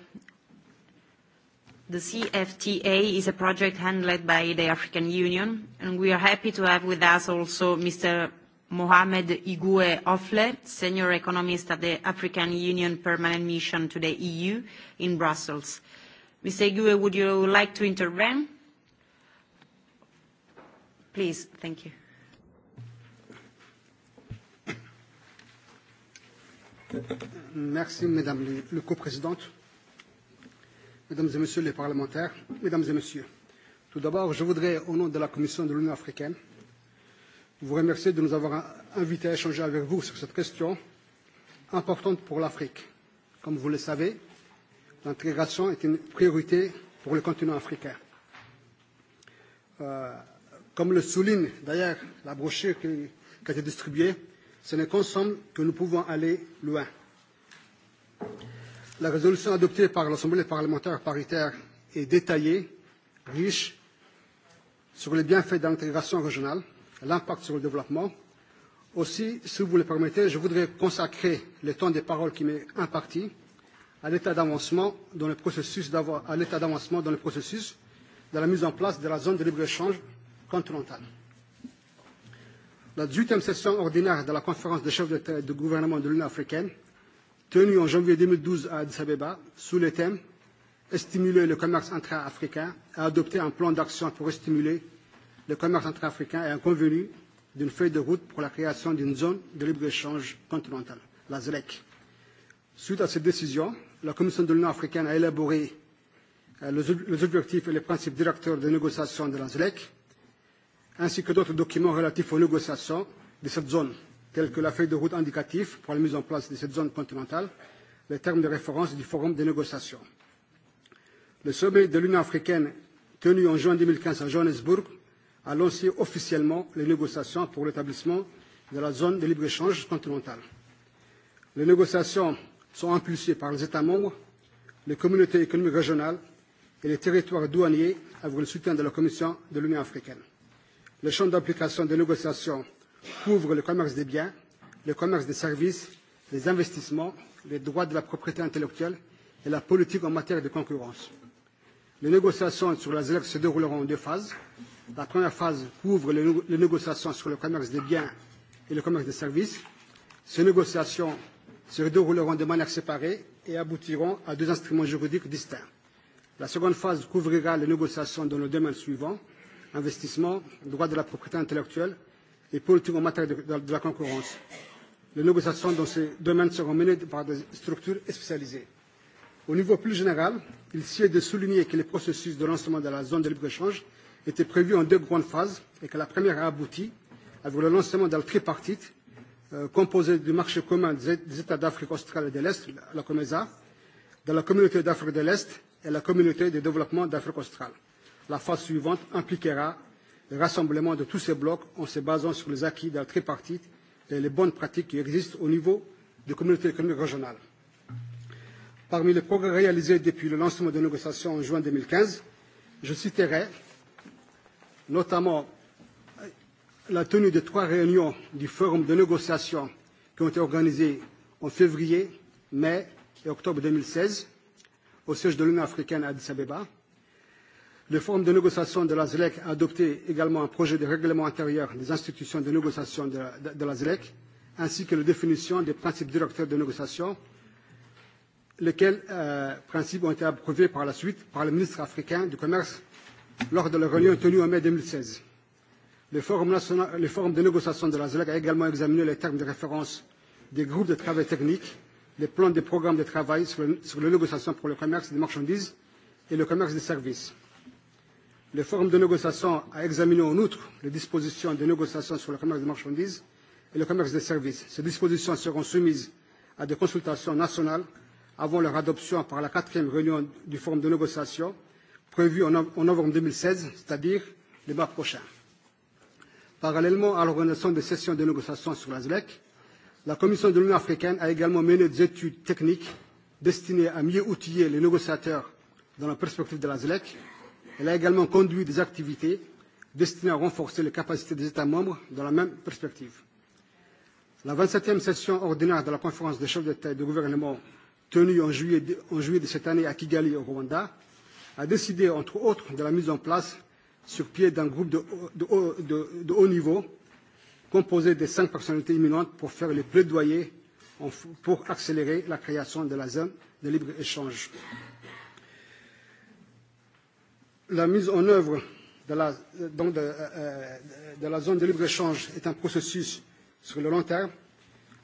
CFTA is a project handled by the African Union, and we are happy to have with us also Mr. Mohamed Igue offlet Senior Economist at the African Union Permanent Mission to the EU in Brussels. Mr. Igue, would you like to intervene? Please, thank you. Merci, Madame le coprésidente, Mesdames et Messieurs les parlementaires, Mesdames et Messieurs. Tout d'abord, je voudrais, au nom de la Commission de l'Union africaine, vous remercier de nous avoir invités à échanger avec vous sur cette question importante pour l'Afrique. Comme vous le savez, l'intégration est une priorité pour le continent africain. Comme le souligne d'ailleurs la brochure qui a été distribuée, Ce n'est qu'ensemble que nous pouvons aller loin. La résolution adoptée par l'Assemblée parlementaire paritaire est détaillée, riche, sur les bienfaits de l'intégration régionale, l'impact sur le développement. Aussi, si vous le permettez, je voudrais consacrer le temps des paroles qui m'est imparti à l'état d'avancement dans le processus d'avoir à l'état d'avancement dans le processus de la mise en place de la zone de libre échange continentale. La 18e session ordinaire de la conférence des chefs d'État de gouvernement de l'Union africaine, tenue en janvier 2012 à Addis Abeba, sous le thème Stimuler le commerce intra-africain, a adopté un plan d'action pour stimuler le commerce intra-africain et a convenu d'une feuille de route pour la création d'une zone de libre-échange continentale, la ZLEC. Suite à cette décision, la Commission de l'Union africaine a élaboré les objectifs et les principes directeurs de négociations de la ZLEC ainsi que d'autres documents relatifs aux négociations de cette zone, tels que la feuille de route indicative pour la mise en place de cette zone continentale, les termes de référence du forum des négociations. Le sommet de l'Union africaine tenu en juin 2015 à Johannesburg a lancé officiellement les négociations pour l'établissement de la zone de libre-échange continentale. Les négociations sont impulsées par les États membres, les communautés économiques régionales et les territoires douaniers avec le soutien de la Commission de l'Union africaine. Le champ d'application des négociations couvre le commerce des biens, le commerce des services, les investissements, les droits de la propriété intellectuelle et la politique en matière de concurrence. Les négociations sur la ZELEC se dérouleront en deux phases. La première phase couvre les négociations sur le commerce des biens et le commerce des services. Ces négociations se dérouleront de manière séparée et aboutiront à deux instruments juridiques distincts. La seconde phase couvrira les négociations dans le domaine suivant investissement, droit de la propriété intellectuelle et politique en matière de la concurrence. Les négociations dans ces domaines seront menées par des structures spécialisées. Au niveau plus général, il sied de souligner que le processus de lancement de la zone de libre-échange était prévu en deux grandes phases et que la première a abouti avec le lancement d'un tripartite composé du marché commun des États d'Afrique australe et de l'Est, la COMESA, de la communauté d'Afrique de l'Est et la communauté de développement d'Afrique australe. La phase suivante impliquera le rassemblement de tous ces blocs en se basant sur les acquis de la tripartite et les bonnes pratiques qui existent au niveau des communautés économiques régionales. Parmi les progrès réalisés depuis le lancement des négociations en juin 2015, je citerai notamment la tenue de trois réunions du forum de négociation qui ont été organisées en février, mai et octobre 2016 au siège de l'Union africaine à Addis Abeba, Le Forum de négociation de la ZLEC a adopté également un projet de règlement intérieur des institutions de négociation de la ZLEC, ainsi que la définition des principes directeurs de négociation, lesquels principes ont été approuvés par la suite par le ministre africain du Commerce lors de la réunion tenue en mai 2016. Le Forum de négociation de la ZLEC a également examiné les termes de référence des groupes de travail techniques, les plans des programmes de travail sur les négociations pour le commerce des marchandises et le commerce des services. Le forum de négociation a examiné en outre les dispositions de négociation sur le commerce des marchandises et le commerce des services. Ces dispositions seront soumises à des consultations nationales avant leur adoption par la quatrième réunion du forum de négociation prévue en novembre 2016, c'est-à-dire le mois prochain. Parallèlement à l'organisation des sessions de négociation sur la ZLEC, la Commission de l'Union africaine a également mené des études techniques destinées à mieux outiller les négociateurs dans la perspective de la ZLEC Elle a également conduit des activités destinées à renforcer les capacités des États membres dans la même perspective. La 27e session ordinaire de la conférence des chefs d'État et de gouvernement tenue en juillet de cette année à Kigali, au Rwanda, a décidé, entre autres, de la mise en place sur pied d'un groupe de haut niveau composé des cinq personnalités imminentes pour faire les plaidoyer pour accélérer la création de la zone de libre-échange la mise en œuvre de la, de, de la zone de libre-échange est un processus sur le long terme.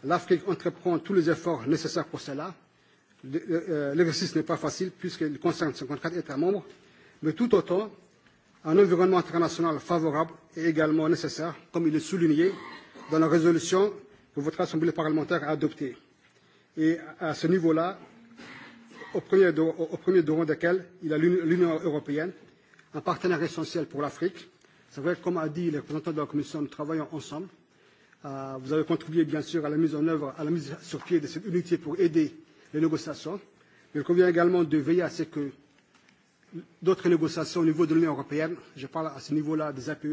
L'Afrique entreprend tous les efforts nécessaires pour cela. L'exercice n'est pas facile puisqu'il concerne 54 États membres, mais tout autant, un environnement international favorable est également nécessaire, comme il est souligné dans la résolution que votre Assemblée parlementaire a adoptée. Et à ce niveau-là, au premier, au premier desquels il y a l'Union européenne, un partenaire essentiel pour l'Afrique. C'est vrai comme a dit le représentant de la Commission, nous travaillons ensemble. Vous avez contribué, bien sûr, à la mise en œuvre, à la mise sur pied de cette unité pour aider les négociations. mais Il convient également de veiller à ce que d'autres négociations au niveau de l'Union européenne, je parle à ce niveau-là des APE,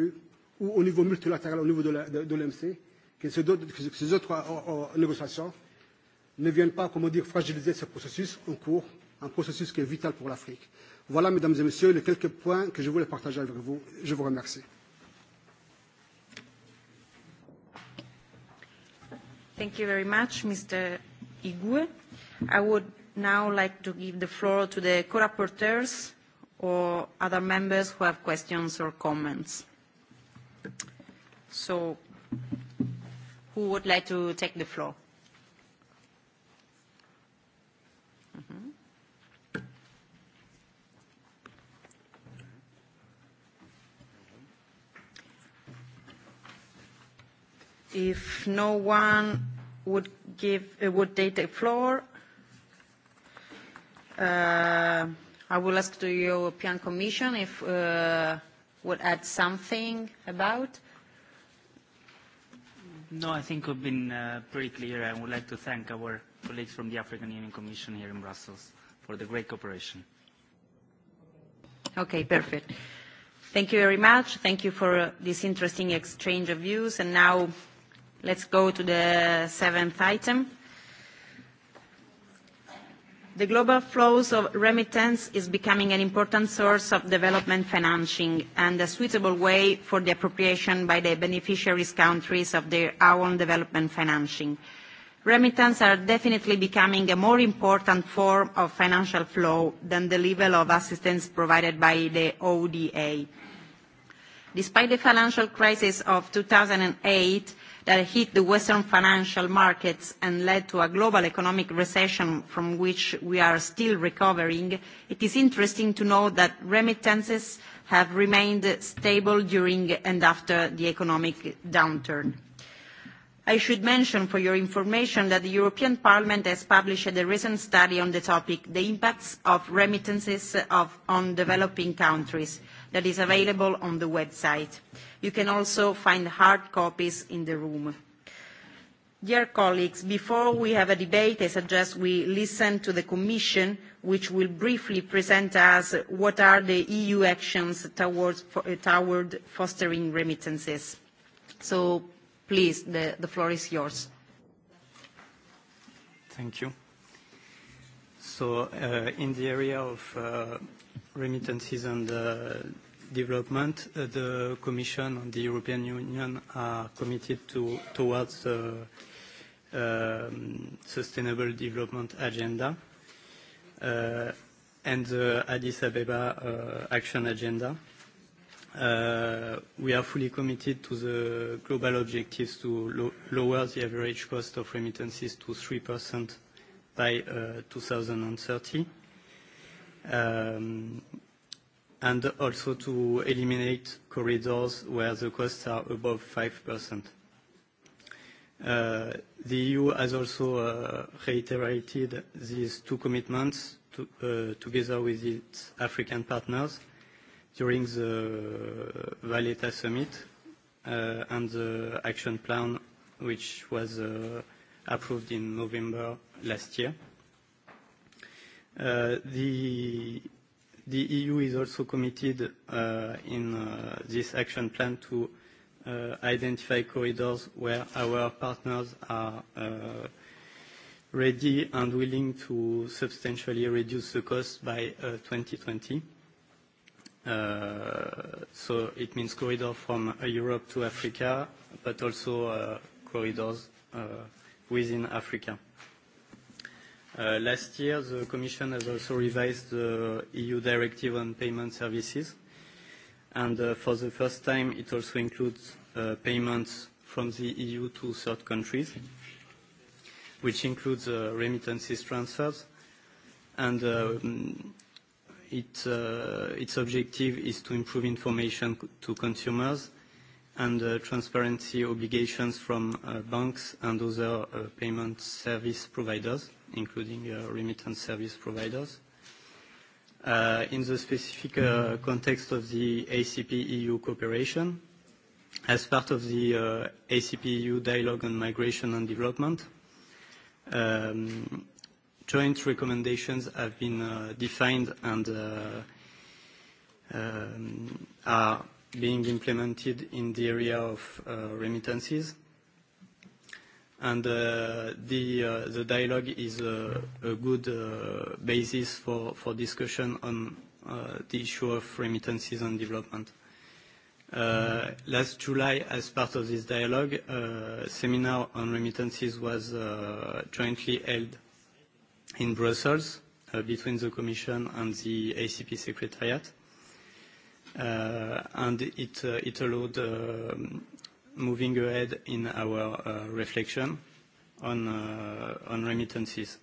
ou au niveau multilatéral, au niveau de l'OMC, que ces autres négociations ne viennent pas, comment dire, fragiliser ce processus en cours, un processus qui est vital pour l'Afrique. Voilà, mesdames et messieurs, les quelques points que je voulais partager avec vous. Je vous remercie. Thank you very much, Mr. Igwe. I would now like to give the floor to the co-rapporteurs or other members who have questions or comments. So, who would like to take the floor? Mm -hmm. If no one would give would take the floor, I will ask the European Commission if would add something about. No, I think we've been pretty clear. I would like to thank our colleagues from the African Union Commission here in Brussels for the great cooperation. Okay, perfect. Thank you very much. Thank you for this interesting exchange of views. And now Let's go to the seventh item. The global flows of remittance is becoming an important source of development financing and a suitable way for the appropriation by the beneficiaries countries of their own development financing. Remittance are definitely becoming a more important form of financial flow than the level of assistance provided by the ODA. Despite the financial crisis of 2008, that hit the Western financial markets and led to a global economic recession from which we are still recovering, it is interesting to know that remittances have remained stable during and after the economic downturn. I should mention for your information that the European Parliament has published a recent study on the topic, the impacts of remittances on developing countries that is available on the website. You can also find hard copies in the room. Dear colleagues, before we have a debate, I suggest we listen to the Commission, which will briefly present us what are the EU actions toward fostering remittances. So please, the floor is yours. Thank you. So in the area of remittances and development, the Commission and the European Union are committed towards the Sustainable Development Agenda and the Addis Abeba Action Agenda. We are fully committed to the global objectives to lower the average cost of remittances to 3% by 2030 and also to eliminate corridors where the costs are above 5%. The EU has also reiterated these two commitments together with its African partners during the Valletta Summit and the action plan which was approved in November last year. The EU is also committed in this action plan to identify corridors where our partners are ready and willing to substantially reduce the cost by 2020. So it means corridor from Europe to Africa, but also corridors within Africa. Last year, the Commission has also revised the EU Directive on Payment Services, and for the first time, it also includes payments from the EU to third countries, which includes remittances transfers, and its objective is to improve information to consumers and transparency obligations from banks and other payment service providers including remittance service providers. In the specific context of the ACP-EU cooperation, as part of the ACP-EU dialogue on migration and development, joint recommendations have been defined and are being implemented in the area of remittances and the dialogue is a good basis for for discussion on the issue of remittances and development. Last July, as part of this dialogue, a seminar on remittances was jointly held in Brussels between the Commission and the ACP Secretariat, and it allowed moving ahead in our reflection on remittances.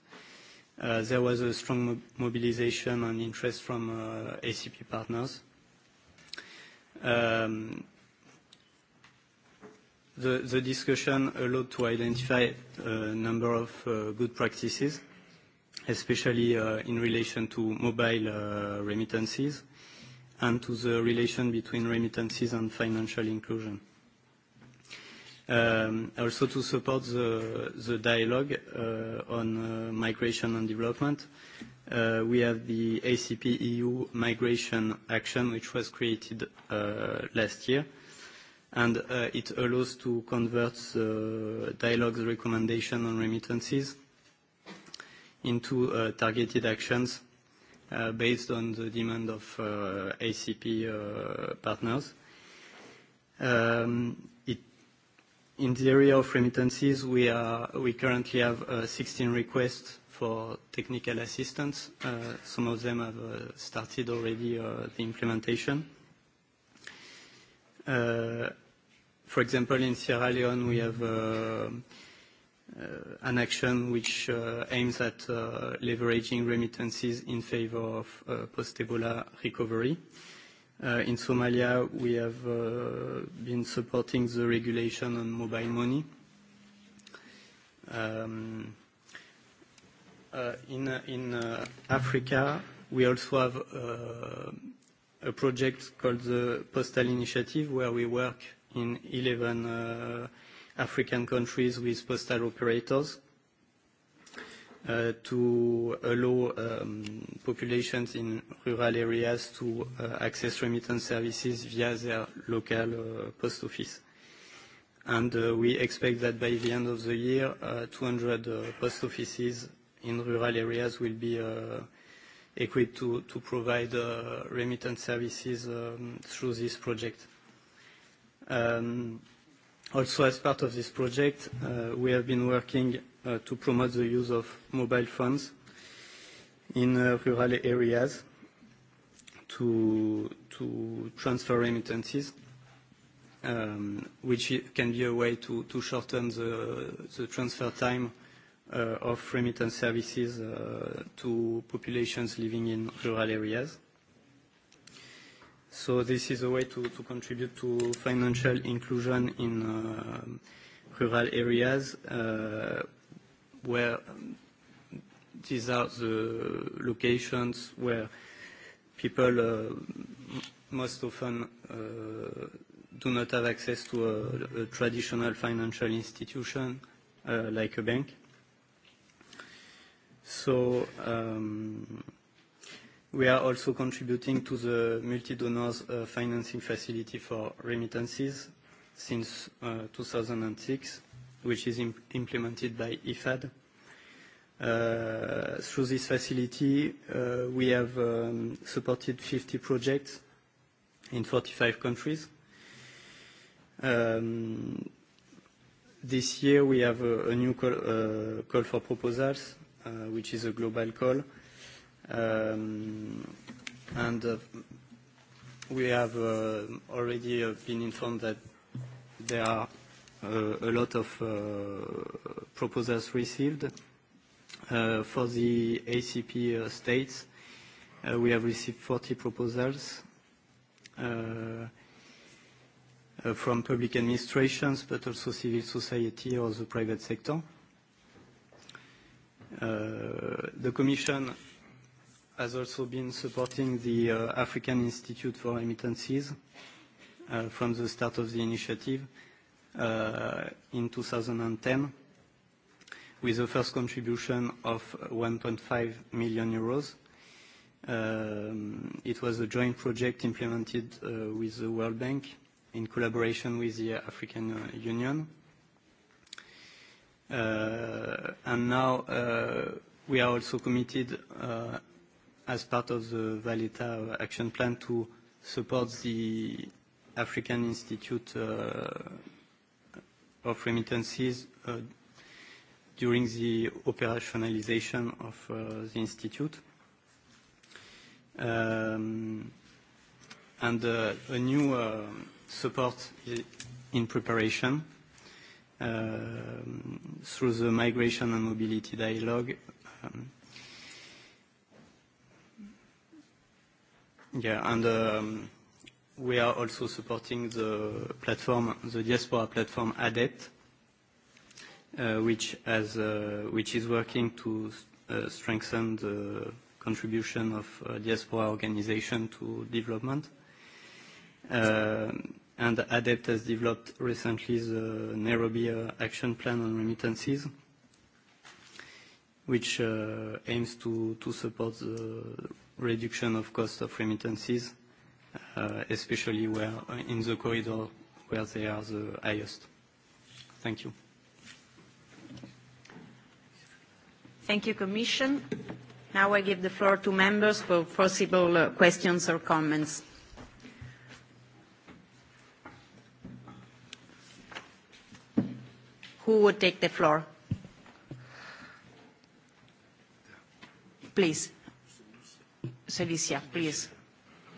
There was a strong mobilization and interest from ACP partners. The discussion allowed to identify a number of good practices, especially in relation to mobile remittances and to the relation between remittances and financial inclusion also to support the dialogue on migration and development. We have the ACP EU Migration Action, which was created last year, and it allows to convert the dialogue's recommendation on remittances into targeted actions based on the demand of ACP partners. In the area of remittances, we currently have 16 requests for technical assistance. Some of them have started already the implementation. For example, in Sierra Leone, we have an action which aims at leveraging remittances in favor of post-Ebola recovery. In Somalia, we have been supporting the regulation on mobile money. In Africa, we also have a project called the Postal Initiative, where we work in 11 African countries with postal operators to allow populations in rural areas to access remittance services via their local post office. And we expect that by the end of the year, 200 post offices in rural areas will be equipped to provide remittance services through this project. Also, as part of this project, we have been working to promote the use of mobile phones in rural areas to transfer remittances, which can be a way to shorten the transfer time of remittance services to populations living in rural areas. So this is a way to contribute to financial inclusion in rural areas where these are the locations where people most often do not have access to a traditional financial institution like a bank. So We are also contributing to the multi-donors financing facility for remittances since 2006, which is implemented by IFAD. Through this facility, we have supported 50 projects in 45 countries. This year, we have a new call for proposals, which is a global call And we have already been informed that there are a lot of proposals received. For the ACP states, we have received 40 proposals from public administrations, but also civil society or the private sector. The Commission has also been supporting the African Institute for Remittances from the start of the initiative in 2010 with the first contribution of 1.5 million euros. It was a joint project implemented with the World Bank in collaboration with the African Union. And now we are also committed as part of the Valletta Action Plan to support the African Institute of Remittances during the operationalization of the institute. And a new support in preparation through the Migration and Mobility Dialogue Yeah, and we are also supporting the platform, the diaspora platform ADET, which has, which is working to strengthen the contribution of diaspora organization to development. And ADEPT has developed recently the Nairobi Action Plan on Remittances, which aims to support the reduction of cost of remittances, especially where in the corridor where they are the highest. Thank you. Thank you, Commission. Now I give the floor to members for possible questions or comments. Who would take the floor? Please. Celicia, please.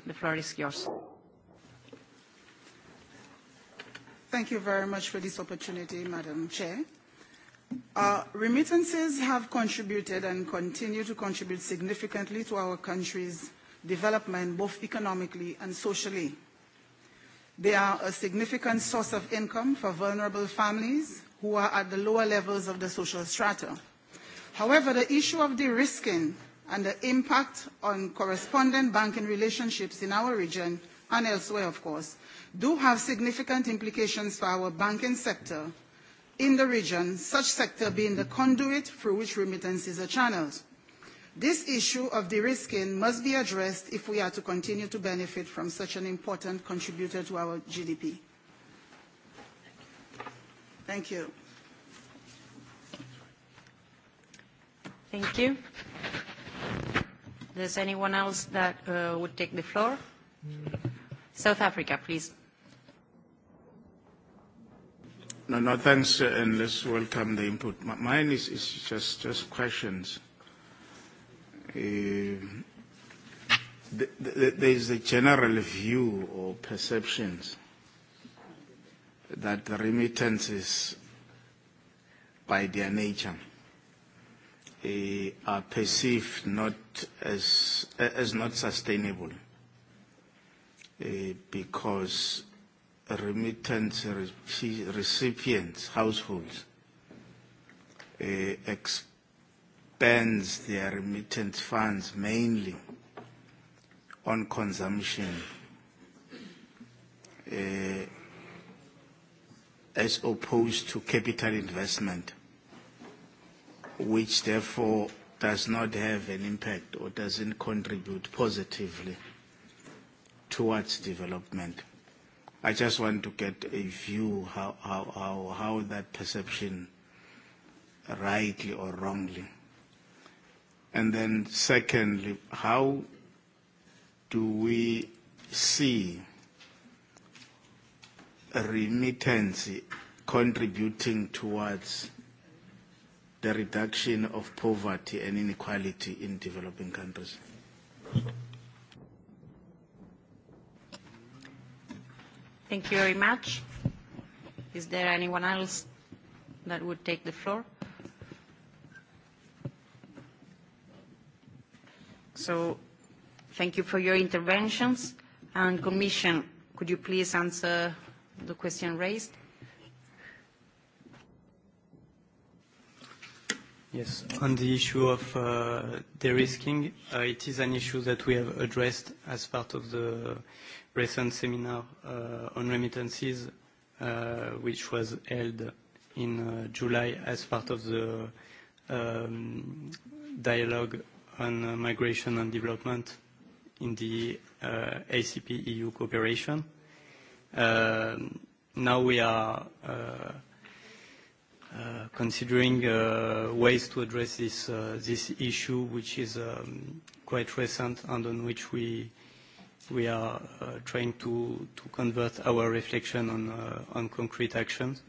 The floor is yours. Thank you very much for this opportunity, Madam Chair. Remittances have contributed and continue to contribute significantly to our country's development, both economically and socially. They are a significant source of income for vulnerable families who are at the lower levels of the social strata. However, the issue of de-risking and the impact on correspondent banking relationships in our region and elsewhere, of course, do have significant implications for our banking sector in the region, such sector being the conduit through which remittances are channeled. This issue of de-risking must be addressed if we are to continue to benefit from such an important contributor to our GDP. Thank you. Thank you. There's anyone else that would take the floor? South Africa, please. No, no, thanks, and let's welcome the input. Mine is just just questions. There is a general view or perceptions that remittances, by their nature, are perceived not as as not sustainable because remittance recipients households expends their remittance funds mainly on consumption as opposed to capital investment which therefore does not have an impact or doesn't contribute positively towards development. I just want to get a view how, how, how, how that perception rightly or wrongly. And then secondly, how do we see remittance contributing towards the reduction of poverty and inequality in developing countries. Thank you very much. Is there anyone else that would take the floor? So thank you for your interventions. And Commission, could you please answer the question raised? Yes. On the issue of de-risking, it is an issue that we have addressed as part of the recent seminar on remittances, which was held in July as part of the dialogue on migration and development in the ACP EU cooperation. Now we are considering ways to address this this issue, which is quite recent and on which we we are trying to to convert our reflection on on concrete actions.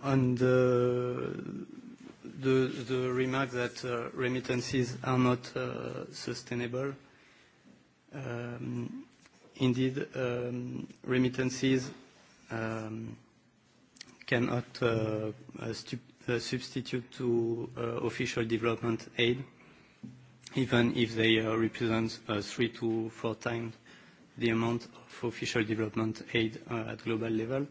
On the the remark that remittances are not sustainable, indeed, remittances cannot substitute to official development aid, even if they represent three to four times the amount of official development aid at global level.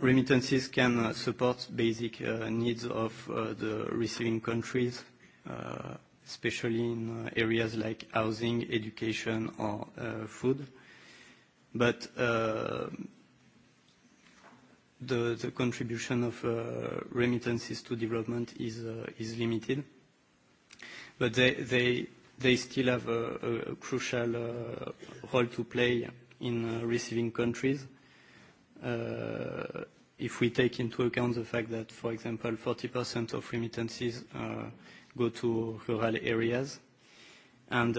Remittances can support basic needs of the receiving countries, especially in areas like housing, education, or food But the contribution of remittances to development is limited. But they still have a crucial role to play in receiving countries. If we take into account the fact that, for example, 40% of remittances go to rural areas and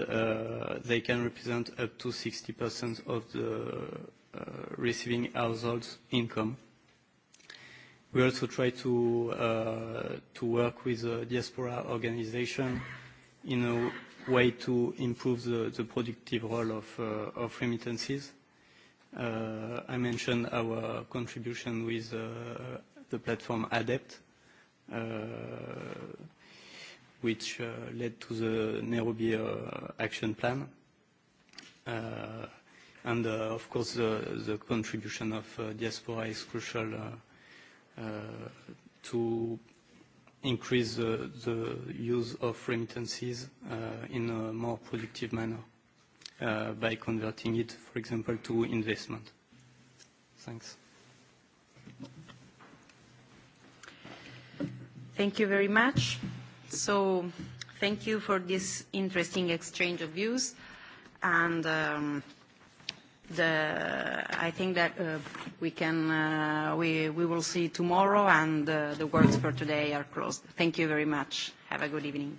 they can represent up to 60% of the receiving households' income. We also try to to work with the diaspora organization in a way to improve the the productive role of of remittances. I mentioned our contribution with the platform ADEPT which led to the Nairobi Action Plan, and of course the contribution of diaspora is crucial to increase the use of remittances in a more productive manner by converting it, for example, to investment. Thanks. Thank you very much. So thank you for this interesting exchange of views. And the I think that we can, we we will see tomorrow and the words for today are closed. Thank you very much. Have a good evening.